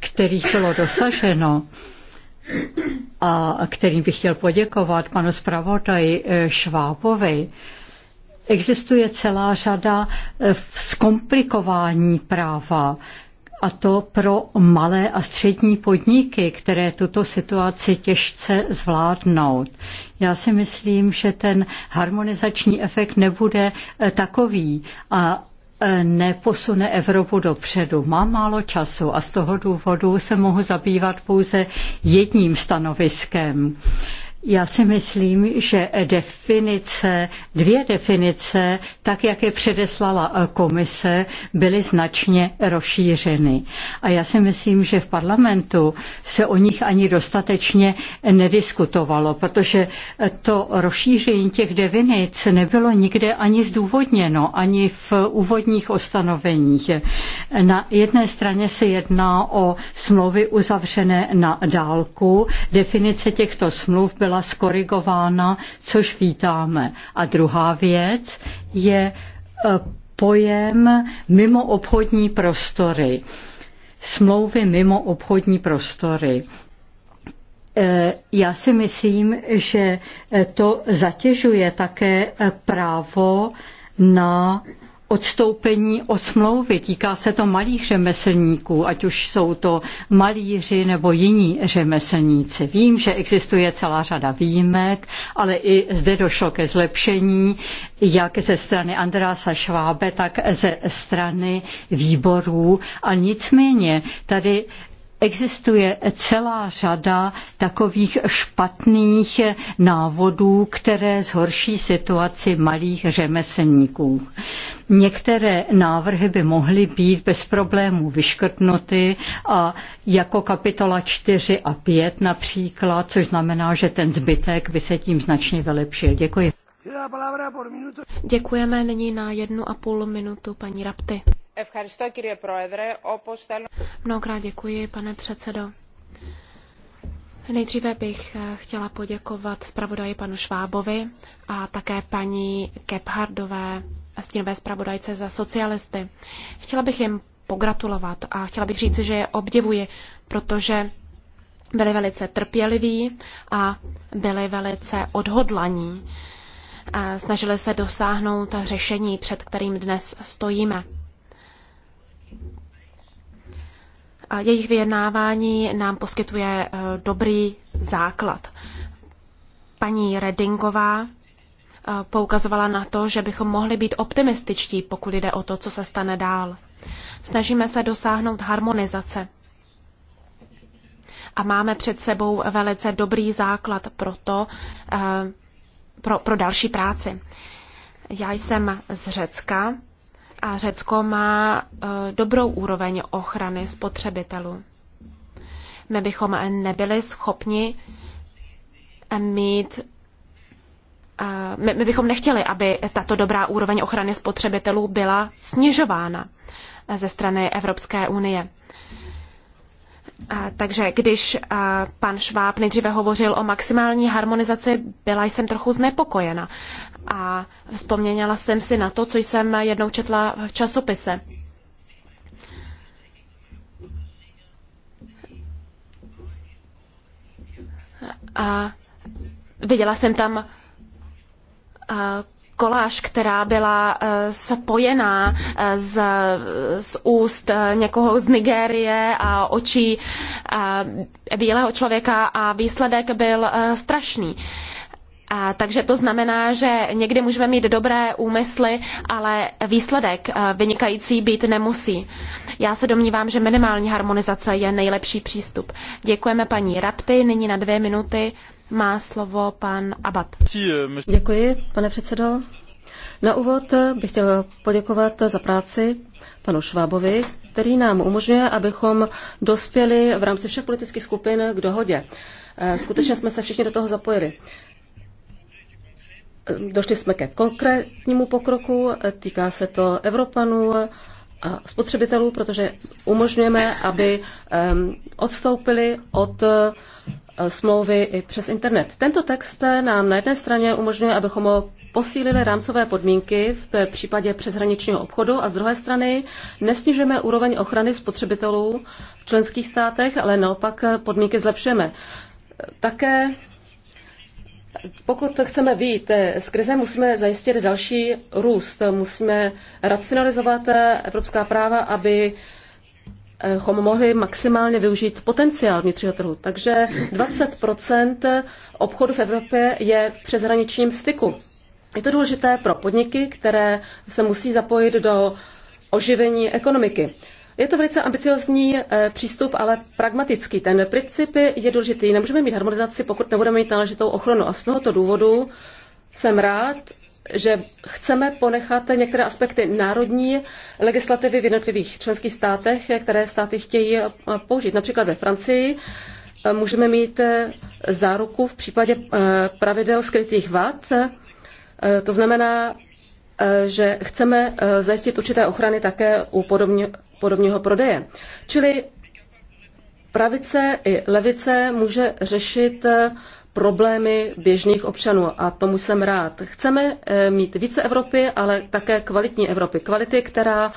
kterých bylo dosaženo a kterým bych chtěl poděkovat panu zpravodaji eh, Švábovi, existuje celá řada eh, zkomplikování práva, a to pro malé a střední podniky, které tuto situaci těžce zvládnout. Já si myslím, že ten harmonizační efekt nebude eh, takový a neposune Evropu dopředu. Mám málo času a z toho důvodu se mohu zabývat pouze jedním stanoviskem. Já si myslím, že definice, dvě definice, tak jak je předeslala eh, komise, byly značně rozšířeny. A já si myslím, že v parlamentu se o nich ani dostatečně nediskutovalo, protože eh, to rozšíření těch definic nebylo nikde ani zdůvodněno, ani v úvodních ostanoveních. Na jedné straně se jedná o smlouvy uzavřené na dálku. Definice těchto smluv byla byla skorigována, což vítáme. A druhá věc je e, pojem mimo obchodní prostory. Smlouvy mimo obchodní prostory. E, já si myslím, že e, to zatěžuje také právo na odstoupení od smlouvy. Týká se to malých řemeslníků, ať už jsou to malíři nebo jiní řemeslníci. Vím, že existuje celá řada výjimek, ale i zde došlo ke zlepšení, jak ze strany Andrása Švábe, tak ze strany výborů. A nicméně tady existuje celá řada takových špatných návodů, které zhorší situaci malých řemeslníků. Některé návrhy by mohly být bez problémů vyškrtnuty a jako kapitola 4 a 5 například, což znamená, že ten zbytek by se tím značně vylepšil. Děkuji. Děkujeme nyní na jednu a půl minutu paní Rapty. Mnohokrát děkuji, pane předsedo. Nejdříve bych eh, chtěla poděkovat zpravodaji panu Švábovi a také paní Kephardové, stínové zpravodajce za socialisty. Chtěla bych jim pogratulovat a chtěla bych říct, že je obdivuji, protože byli velice trpěliví a byli velice odhodlaní. Eh, Snažili se dosáhnout řešení, před kterým dnes stojíme. Jejich vyjednávání nám poskytuje eh, dobrý základ. Paní Redingová eh, poukazovala na to, že bychom mohli být optimističtí, pokud jde o to, co se stane dál. Snažíme se dosáhnout harmonizace. A máme před sebou velice dobrý základ pro to, eh, pro, pro další práci. Já jsem z Řecka a Řecko má e, dobrou úroveň ochrany spotřebitelů. My bychom nebyli schopni mít e, my, bychom nechtěli, aby tato dobrá úroveň ochrany spotřebitelů byla snižována ze strany Evropské unie. Takže když pan Šváb nejdříve hovořil o maximální harmonizaci, byla jsem trochu znepokojena a vzpomněla jsem si na to, co jsem jednou četla v časopise. A viděla jsem tam koláž, která byla eh, spojená eh, z, z úst eh, někoho z Nigérie a očí bílého člověka a výsledek byl strašný. A, takže to znamená, že někdy můžeme mít dobré úmysly, ale výsledek vynikající být nemusí. Já se domnívám, že minimální harmonizace je nejlepší přístup. Děkujeme paní Rapty, nyní na dvě minuty má slovo pan Abad. Děkuji, pane předsedo. Na úvod bych chtěl poděkovat za práci panu Švábovi, který nám umožňuje, abychom dospěli v rámci všech politických skupin k dohodě. Eh, skutečně jsme se všichni do toho zapojili. Eh, došli jsme ke konkrétnímu pokroku, eh, týká se to Evropanů a spotřebitelů, protože umožňujeme, aby ehm, odstoupili od Eh, smlouvy i přes internet. Tento text nám na jedné straně umožňuje, abychom posílili rámcové podmínky v případě přeshraničního obchodu a z druhé strany nesnižujeme úroveň ochrany spotřebitelů v členských státech, ale naopak podmínky zlepšujeme. Také pokud chceme vyjít eh, z krize, musíme zajistit další růst. Musíme racionalizovat eh, evropská práva, aby bychom mohli maximálně využít potenciál vnitřního trhu. Takže 20 obchodu v Evropě je v přeshraničním styku. Je to důležité pro podniky, které se musí zapojit do oživení ekonomiky. Je to velice ambiciozní eh, přístup, ale pragmatický. Ten princip je důležitý. Nemůžeme mít harmonizaci, pokud nebudeme mít náležitou ochranu. A z tohoto důvodu jsem rád, že chceme ponechat některé aspekty národní legislativy v jednotlivých členských státech, které státy chtějí použít. Například ve Francii eh, můžeme mít eh, záruku v případě eh, pravidel skrytých vad. To znamená, že chceme zajistit určité ochrany také u podobně, podobného prodeje. Čili pravice i levice může řešit problémy běžných občanů a tomu jsem rád. Chceme eh, mít více Evropy, ale také kvalitní Evropy. Kvality, která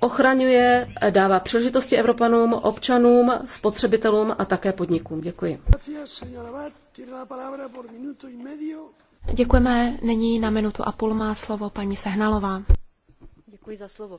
ochraňuje, dává příležitosti Evropanům, občanům, spotřebitelům a také podnikům. Děkuji. Děkujeme. Nyní na minutu a půl má slovo paní Sehnalová. Děkuji za slovo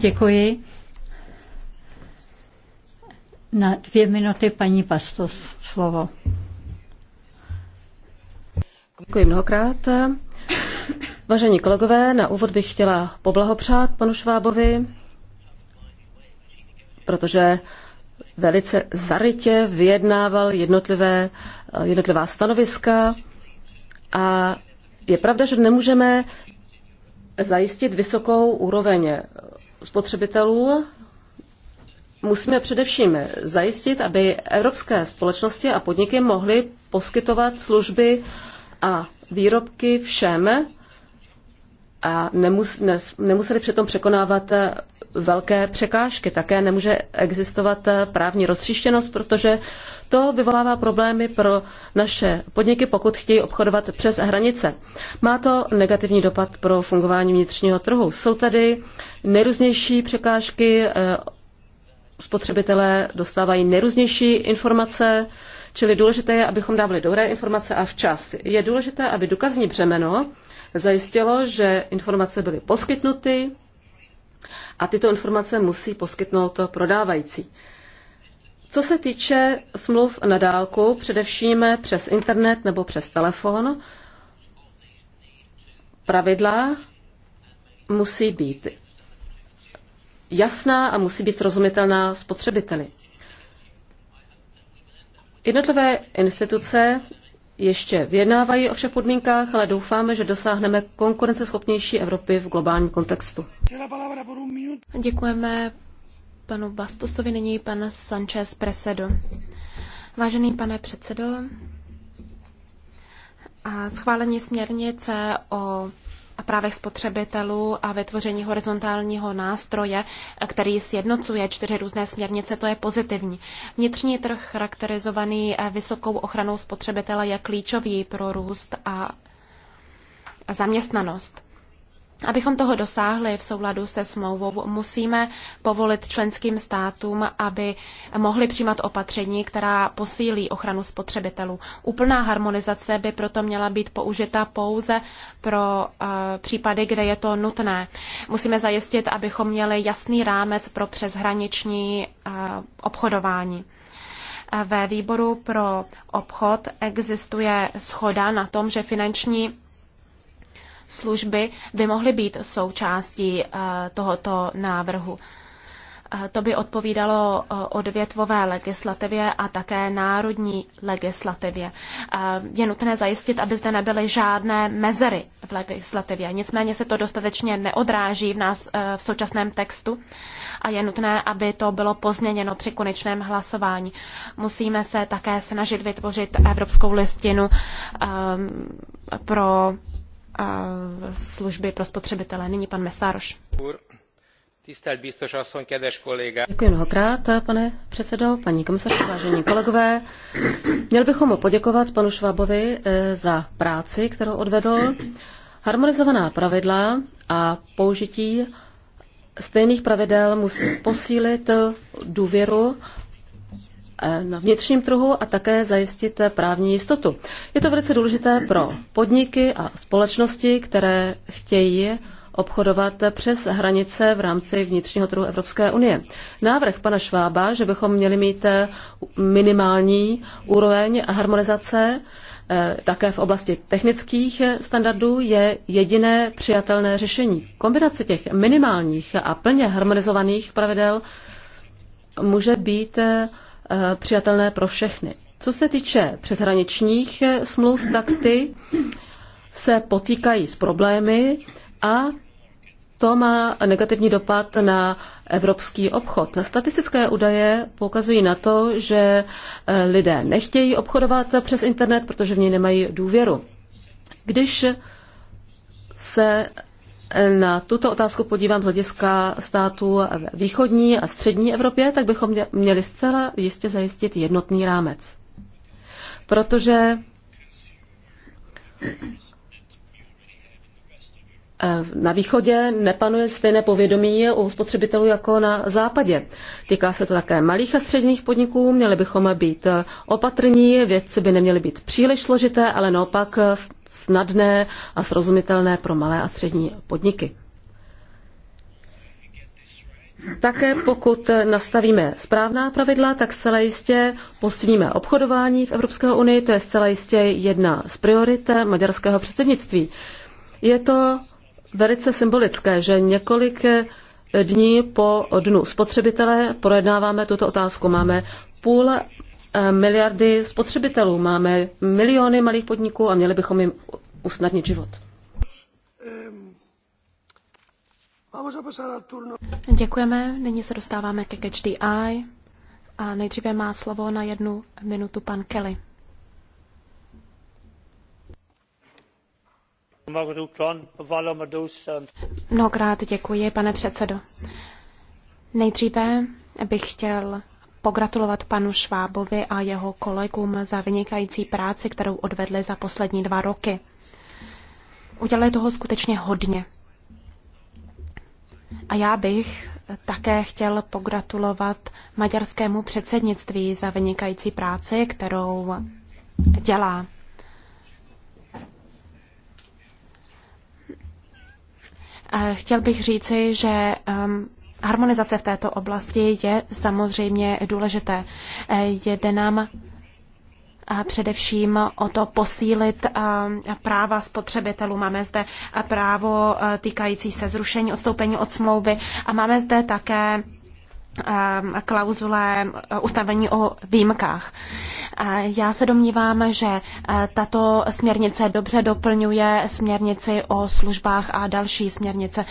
Děkuji. Na dvě minuty paní Pastos slovo. Děkuji mnohokrát. Vážení kolegové, na úvod bych chtěla poblahopřát panu Švábovi, protože velice zarytě vyjednával jednotlivé, jednotlivá stanoviska a je pravda, že nemůžeme zajistit vysokou úroveň spotřebitelů, musíme především zajistit, aby evropské společnosti a podniky mohly poskytovat služby a výrobky všem a nemus, ne, nemuseli přitom překonávat velké překážky. Také nemůže existovat eh, právní roztříštěnost, protože to vyvolává problémy pro naše podniky, pokud chtějí obchodovat přes hranice. Má to negativní dopad pro fungování vnitřního trhu. Jsou tady nejrůznější překážky, eh, spotřebitelé dostávají nejrůznější informace, čili důležité je, abychom dávali dobré informace a včas. Je důležité, aby důkazní břemeno zajistilo, že informace byly poskytnuty, a tyto informace musí poskytnout prodávající. Co se týče smluv na dálku, především přes internet nebo přes telefon, pravidla musí být jasná a musí být rozumitelná spotřebiteli. Jednotlivé instituce ještě vyjednávají o všech podmínkách, ale doufáme, že dosáhneme konkurenceschopnější Evropy v globálním kontextu. Děkujeme panu Bastosovi, nyní pan Sanchez Presedo. Vážený pane předsedo, a schválení směrnice o a právech spotřebitelů a vytvoření horizontálního nástroje, který sjednocuje čtyři různé směrnice, to je pozitivní. Vnitřní trh charakterizovaný eh, vysokou ochranou spotřebitele je klíčový pro růst a zaměstnanost. Abychom toho dosáhli v souladu se smlouvou, musíme povolit členským státům, aby mohli přijímat opatření, která posílí ochranu spotřebitelů. Úplná harmonizace by proto měla být použita pouze pro uh, případy, kde je to nutné. Musíme zajistit, abychom měli jasný rámec pro přeshraniční uh, obchodování ve výboru pro obchod existuje schoda na tom, že finanční služby by mohly být součástí eh, tohoto návrhu. Eh, to by odpovídalo eh, odvětvové legislativě a také národní legislativě. Je nutné zajistit, aby zde nebyly žádné mezery v legislativě. Nicméně se to dostatečně neodráží v, nás, v současném textu a je nutné, aby to bylo pozměněno při konečném hlasování. Musíme se také snažit vytvořit Evropskou listinu ehm, pro služby pro spotřebitele. Nyní pan Mesároš. Děkuji mnohokrát, pane předsedo, paní komisařko, vážení kolegové. Měl bychom poděkovat panu Švábovi eh, za práci, kterou odvedl. Harmonizovaná pravidla a použití stejných pravidel musí posílit důvěru Eh, na vnitřním trhu a také zajistit právní jistotu. Je to velice důležité pro podniky a společnosti, které chtějí obchodovat přes hranice v rámci vnitřního trhu Evropské unie. Návrh pana Švába, že bychom měli mít eh, minimální úroveň harmonizace, eh, také v oblasti technických standardů je jediné přijatelné řešení. Kombinace těch minimálních a plně harmonizovaných pravidel může být Eh, přijatelné pro všechny. Co se týče přeshraničních eh, smluv, tak ty se potýkají s problémy a to má negativní dopad na evropský obchod. Statistické údaje poukazují na to, že eh, lidé nechtějí obchodovat přes internet, protože v něj nemají důvěru. Když se na tuto otázku podívám z hlediska států východní a střední Evropě, tak bychom měli zcela jistě zajistit jednotný rámec. Protože Eh, na východě nepanuje stejné povědomí u spotřebitelů jako na západě. Týká se to také malých a středních podniků, měli bychom být eh, opatrní, věci by neměly být příliš složité, ale naopak eh, snadné a srozumitelné pro malé a střední podniky. Také pokud nastavíme správná pravidla, tak zcela jistě posuníme obchodování v Evropské unii, to je zcela jistě jedna z priorit maďarského předsednictví. Je to velice symbolické, že několik eh, dní po dnu spotřebitele projednáváme tuto otázku. Máme půl eh, miliardy spotřebitelů, máme miliony malých podniků a měli bychom jim usnadnit život. Děkujeme. Nyní se dostáváme ke HDI a nejdříve má slovo na jednu minutu pan Kelly. Mnohokrát děkuji, pane předsedo. Nejdříve bych chtěl pogratulovat panu Švábovi a jeho kolegům za vynikající práci, kterou odvedli za poslední dva roky. Udělali toho skutečně hodně. A já bych také chtěl pogratulovat maďarskému předsednictví za vynikající práci, kterou dělá. Chtěl bych říci, že um, harmonizace v této oblasti je samozřejmě důležité. E, Jde nám a především o to posílit práva spotřebitelů. Máme zde právo e, týkající se zrušení, odstoupení od smlouvy a máme zde také Ehm, klauzule eh, ustavení o výjimkách. Eh, já se domnívám, že eh, tato směrnice dobře doplňuje směrnici o službách a další směrnice.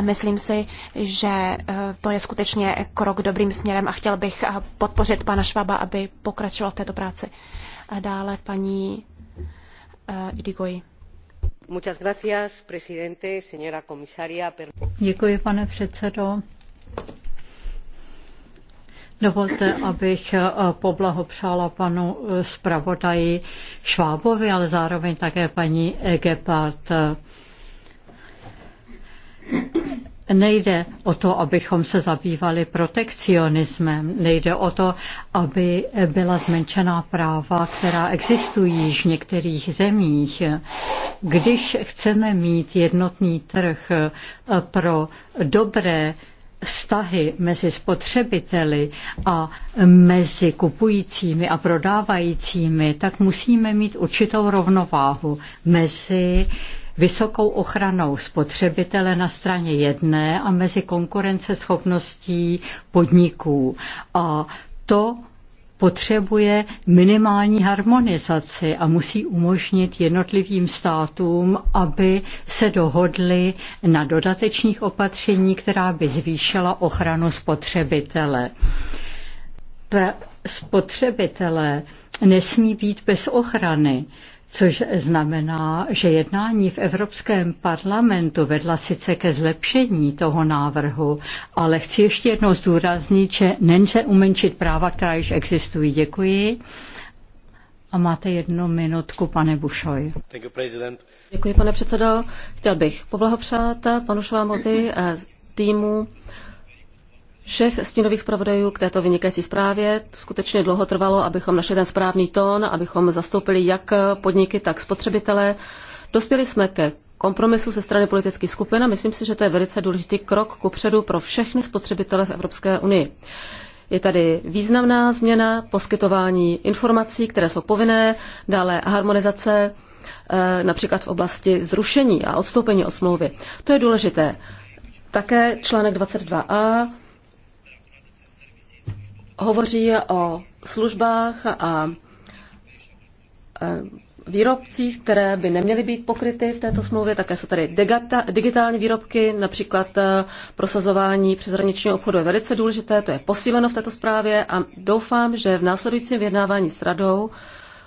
Myslím si, že to je skutečně krok dobrým směrem a chtěl bych podpořit pana Švaba, aby pokračoval v této práci. A dále paní Idigoji. Děkuji, pane předsedo Dovolte, abych eh, poblahopřála panu eh, zpravodaji Švábovi, ale zároveň také paní Egepard. Nejde o to, abychom se zabývali protekcionismem, nejde o to, aby byla zmenšená práva, která existují v některých zemích. Když chceme mít jednotný trh eh, pro dobré vztahy mezi spotřebiteli a mezi kupujícími a prodávajícími, tak musíme mít určitou rovnováhu mezi vysokou ochranou spotřebitele na straně jedné a mezi konkurenceschopností podniků. A to potřebuje minimální harmonizaci a musí umožnit jednotlivým státům, aby se dohodli na dodatečných opatření, která by zvýšila ochranu spotřebitele. Pra- spotřebitele nesmí být bez ochrany což znamená, že jednání v Evropském parlamentu vedla sice ke zlepšení toho návrhu, ale chci ještě jednou zdůraznit, že nenže umenšit práva, která již existují. Děkuji. A máte jednu minutku, pane Bušoj. Děkuji, pane předsedo. Chtěl bych poblahopřát panu Švámovi eh, týmu všech stínových zpravodajů k této vynikající zprávě. Skutečně dlouho trvalo, abychom našli ten správný tón, abychom zastoupili jak podniky, tak spotřebitele. Dospěli jsme ke kompromisu ze strany politických skupin a myslím si, že to je velice důležitý krok ku předu pro všechny spotřebitele v Evropské unii. Je tady významná změna poskytování informací, které jsou povinné, dále harmonizace eh, například v oblasti zrušení a odstoupení od smlouvy. To je důležité. Také článek 22a hovoří o službách a výrobcích, které by neměly být pokryty v této smlouvě. Také jsou tady digitální výrobky, například eh, prosazování přeshraničního obchodu je velice důležité, to je posíleno v této zprávě a doufám, že v následujícím vyjednávání s radou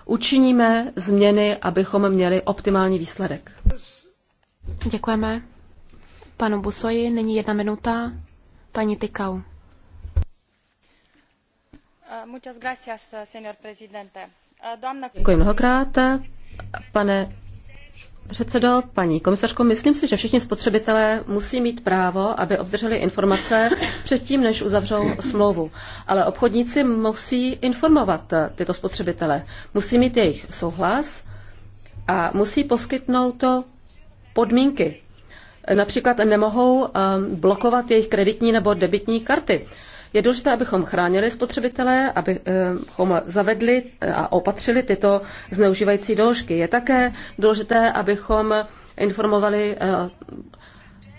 učiníme změny, abychom měli optimální výsledek. Děkujeme. Panu Busoji, nyní jedna minuta. Paní Tykau. Eh, eh, eh, Děkuji mnohokrát. Pane předsedo, paní komisařko, myslím si, že všichni spotřebitelé musí mít právo, aby obdrželi informace předtím, než uzavřou smlouvu. Ale obchodníci musí informovat tyto spotřebitele. Musí mít jejich souhlas a musí poskytnout to podmínky. Například nemohou blokovat jejich kreditní nebo debitní karty. Je důležité, abychom chránili spotřebitele, abychom zavedli eh, a opatřili tyto zneužívající doložky. Je také důležité, abychom informovali eh,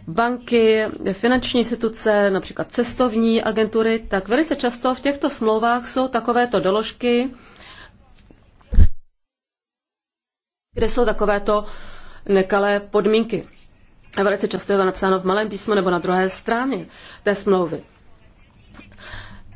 banky, finanční instituce, například cestovní agentury, tak velice často v těchto smlouvách jsou takovéto doložky, kde jsou takovéto nekalé podmínky. A velice často je to napsáno v malém písmu nebo na druhé straně té smlouvy.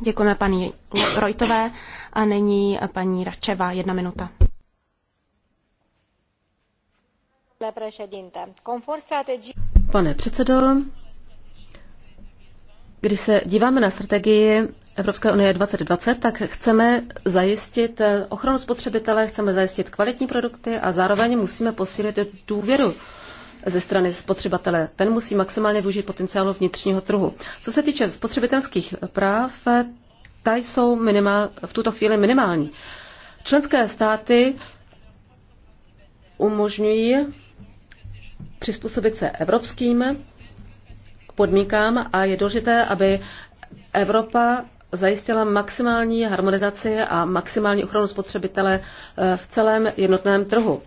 Děkujeme paní Rojtové a nyní paní Račeva, jedna minuta. Pane předsedo, když se díváme na strategii Evropské unie 2020, tak chceme zajistit ochranu spotřebitele, chceme zajistit kvalitní produkty a zároveň musíme posílit důvěru ze strany spotřebatele. Ten musí maximálně využít potenciálu vnitřního trhu. Co se týče spotřebitelských práv, ta jsou minimál, v tuto chvíli minimální. Členské státy umožňují přizpůsobit se evropským podmínkám a je důležité, aby Evropa zajistila maximální harmonizaci a maximální ochranu spotřebitele eh, v celém jednotném trhu.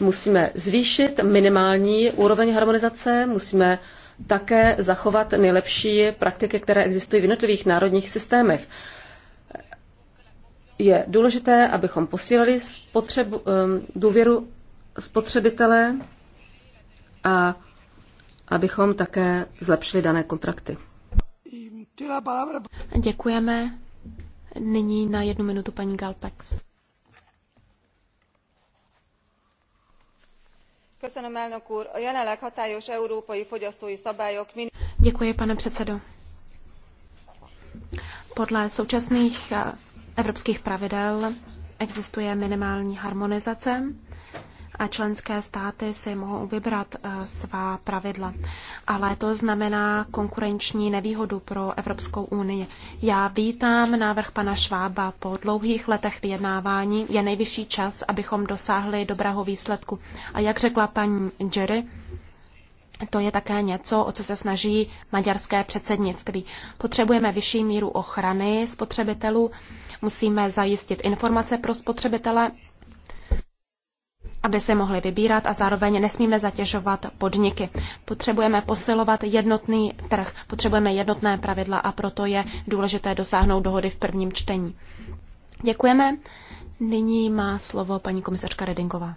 Musíme zvýšit minimální úroveň harmonizace, musíme také zachovat nejlepší praktiky, které existují v jednotlivých národních systémech. Je důležité, abychom posílili spotřebu, ehm, důvěru spotřebitele a abychom také zlepšili dané kontrakty. Děkujeme. Nyní na jednu minutu paní Galpex. Děkuji, pane Podle současných eh, evropských pravidel existuje minimální harmonizace a členské státy si mohou vybrat eh, svá pravidla. Ale to znamená konkurenční nevýhodu pro Evropskou unii. Já vítám návrh pana Švába. Po dlouhých letech vyjednávání je nejvyšší čas, abychom dosáhli dobrého výsledku. A jak řekla paní Jerry, to je také něco, o co se snaží maďarské předsednictví. Potřebujeme vyšší míru ochrany spotřebitelů, musíme zajistit informace pro spotřebitele aby se mohli vybírat a zároveň nesmíme zatěžovat podniky. Potřebujeme posilovat jednotný trh, potřebujeme jednotné pravidla a proto je důležité dosáhnout dohody v prvním čtení. Děkujeme. Nyní má slovo paní komisařka Redingová.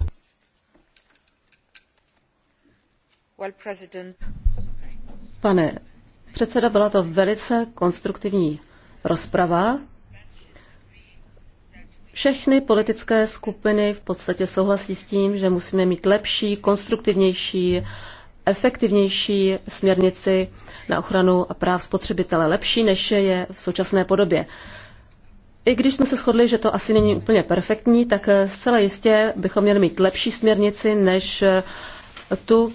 Pane předseda, byla to velice konstruktivní rozprava. Všechny politické skupiny v podstatě souhlasí s tím, že musíme mít lepší, konstruktivnější, efektivnější směrnici na ochranu a práv spotřebitele, lepší než je v současné podobě. I když jsme se shodli, že to asi není úplně perfektní, tak zcela jistě bychom měli mít lepší směrnici než tu,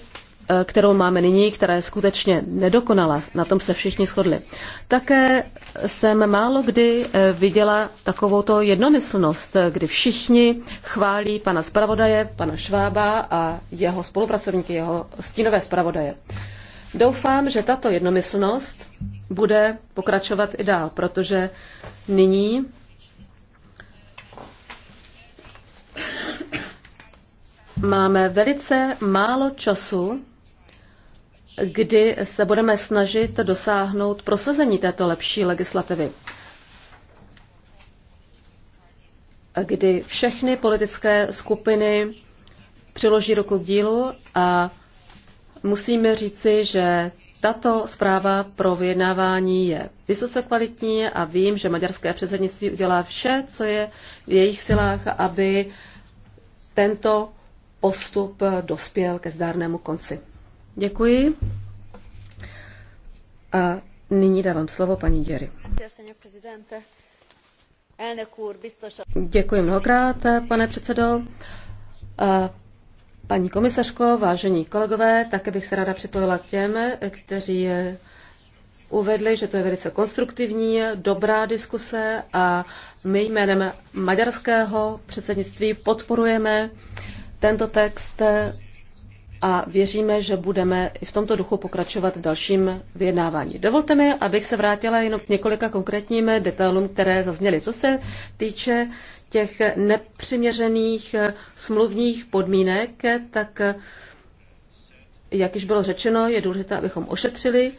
Eh, kterou máme nyní, která je skutečně nedokonalá. Na tom se všichni shodli. Také jsem málo kdy eh, viděla to jednomyslnost, eh, kdy všichni chválí pana zpravodaje, pana Švába a jeho spolupracovníky, jeho stínové zpravodaje. Doufám, že tato jednomyslnost bude pokračovat i dál, protože nyní máme velice málo času kdy se budeme snažit dosáhnout prosazení této lepší legislativy, kdy všechny politické skupiny přiloží ruku k dílu a musíme říci, že tato zpráva pro vyjednávání je vysoce kvalitní a vím, že maďarské předsednictví udělá vše, co je v jejich silách, aby tento postup dospěl ke zdárnému konci. Děkuji. A nyní dávám slovo paní Děry. Děkuji mnohokrát, pane předsedo. A paní komisařko, vážení kolegové, také bych se ráda připojila k těm, kteří uvedli, že to je velice konstruktivní, dobrá diskuse a my jménem maďarského předsednictví podporujeme tento text a věříme, že budeme i v tomto duchu pokračovat v dalším vyjednávání. Dovolte mi, abych se vrátila jenom k několika konkrétním detailům, které zazněly. Co se týče těch nepřiměřených smluvních podmínek, tak jak již bylo řečeno, je důležité, abychom ošetřili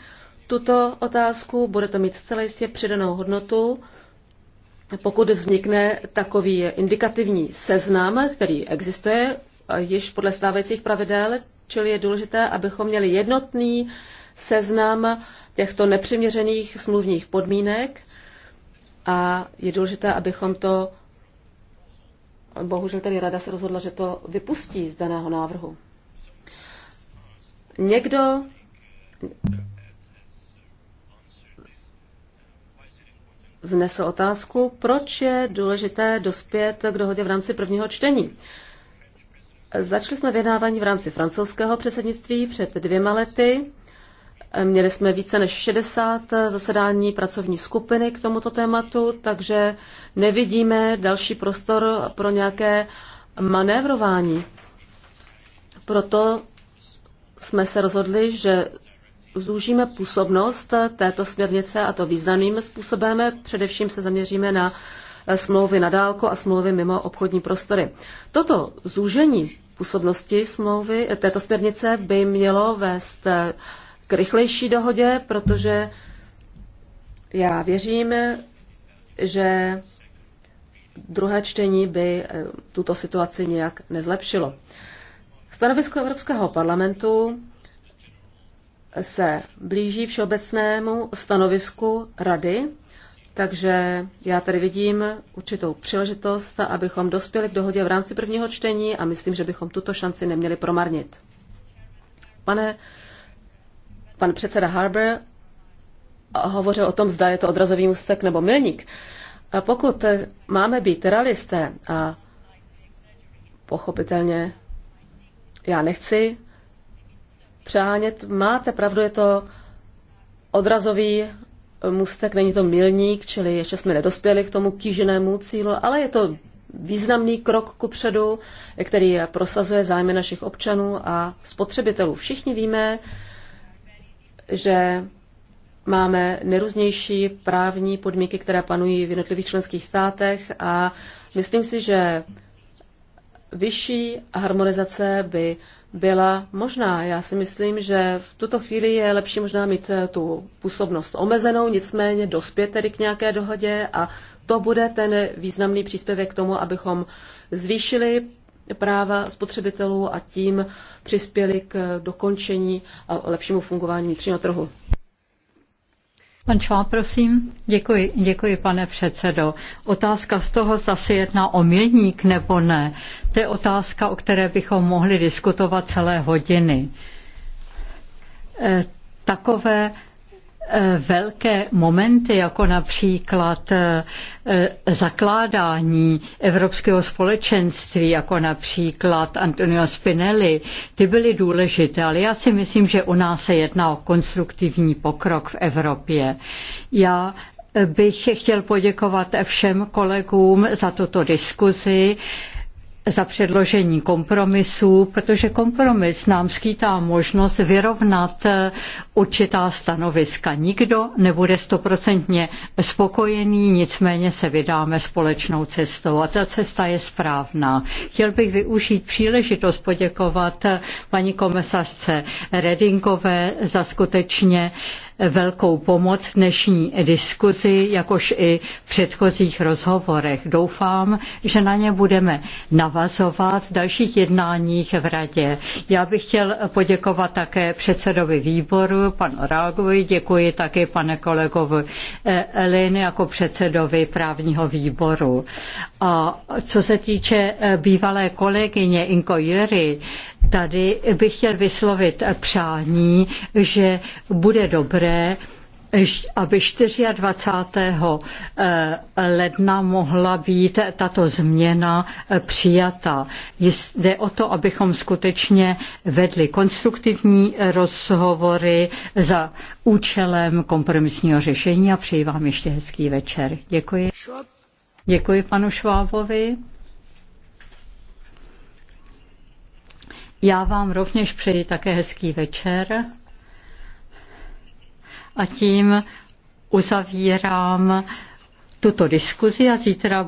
tuto otázku. Bude to mít zcela jistě přidanou hodnotu, pokud vznikne takový indikativní seznam, který existuje již podle stávajících pravidel, čili je důležité, abychom měli jednotný seznam těchto nepřiměřených smluvních podmínek a je důležité, abychom to, bohužel tady rada se rozhodla, že to vypustí z daného návrhu. Někdo vznesl otázku, proč je důležité dospět k dohodě v rámci prvního čtení. Začali jsme vyjednávání v rámci francouzského předsednictví před dvěma lety. Měli jsme více než 60 zasedání pracovní skupiny k tomuto tématu, takže nevidíme další prostor pro nějaké manévrování. Proto jsme se rozhodli, že zúžíme působnost této směrnice a to významným způsobem. Především se zaměříme na Eh, smlouvy na dálku a smlouvy mimo obchodní prostory. Toto zúžení působnosti smlouvy eh, této směrnice by mělo vést eh, k rychlejší dohodě, protože já věřím, že druhé čtení by tuto situaci nějak nezlepšilo. Stanovisko Evropského parlamentu se blíží všeobecnému stanovisku Rady takže já tady vidím určitou příležitost, abychom dospěli k dohodě v rámci prvního čtení a myslím, že bychom tuto šanci neměli promarnit. Pane, pan předseda Harber hovořil o tom, zda je to odrazový můstek nebo milník. A pokud máme být realisté a pochopitelně já nechci přehánět, máte pravdu, je to odrazový mustek, není to milník, čili ještě jsme nedospěli k tomu kýženému cílu, ale je to významný krok kupředu, který prosazuje zájmy našich občanů a spotřebitelů. Všichni víme, že máme nejrůznější právní podmínky, které panují v jednotlivých členských státech a myslím si, že vyšší harmonizace by byla možná. Já si myslím, že v tuto chvíli je lepší možná mít eh, tu působnost omezenou, nicméně dospět tedy k nějaké dohodě a to bude ten významný příspěvek k tomu, abychom zvýšili práva spotřebitelů a tím přispěli k dokončení a lepšímu fungování vnitřního trhu. Pan Čvá, prosím. Děkuji, děkuji, pane předsedo. Otázka z toho, zda se jedná o milník nebo ne, to je otázka, o které bychom mohli diskutovat celé hodiny. E, takové Eh, velké momenty, jako například eh, eh, zakládání Evropského společenství, jako například Antonio Spinelli, ty byly důležité, ale já si myslím, že u nás se jedná o konstruktivní pokrok v Evropě. Já bych chtěl poděkovat všem kolegům za tuto diskuzi za předložení kompromisů, protože kompromis nám skýtá možnost vyrovnat eh, určitá stanoviska. Nikdo nebude stoprocentně spokojený, nicméně se vydáme společnou cestou a ta cesta je správná. Chtěl bych využít příležitost poděkovat eh, paní komisařce Redinkové za skutečně velkou pomoc v dnešní diskuzi, jakož i v předchozích rozhovorech. Doufám, že na ně budeme navazovat v dalších jednáních v radě. Já bych chtěl poděkovat také předsedovi výboru, panu Rágovi, děkuji také pane kolegovi eh, Eliny jako předsedovi právního výboru. A co se týče eh, bývalé kolegyně Inko Jury, Tady bych chtěl vyslovit přání, že bude dobré, aby 24. Eh, ledna mohla být tato změna eh, přijata. Jde o to, abychom skutečně vedli konstruktivní eh, rozhovory za účelem kompromisního řešení a přeji vám ještě hezký večer. Děkuji. Děkuji panu Švábovi. Já vám rovněž přeji také hezký večer a tím uzavírám tuto diskuzi a zítra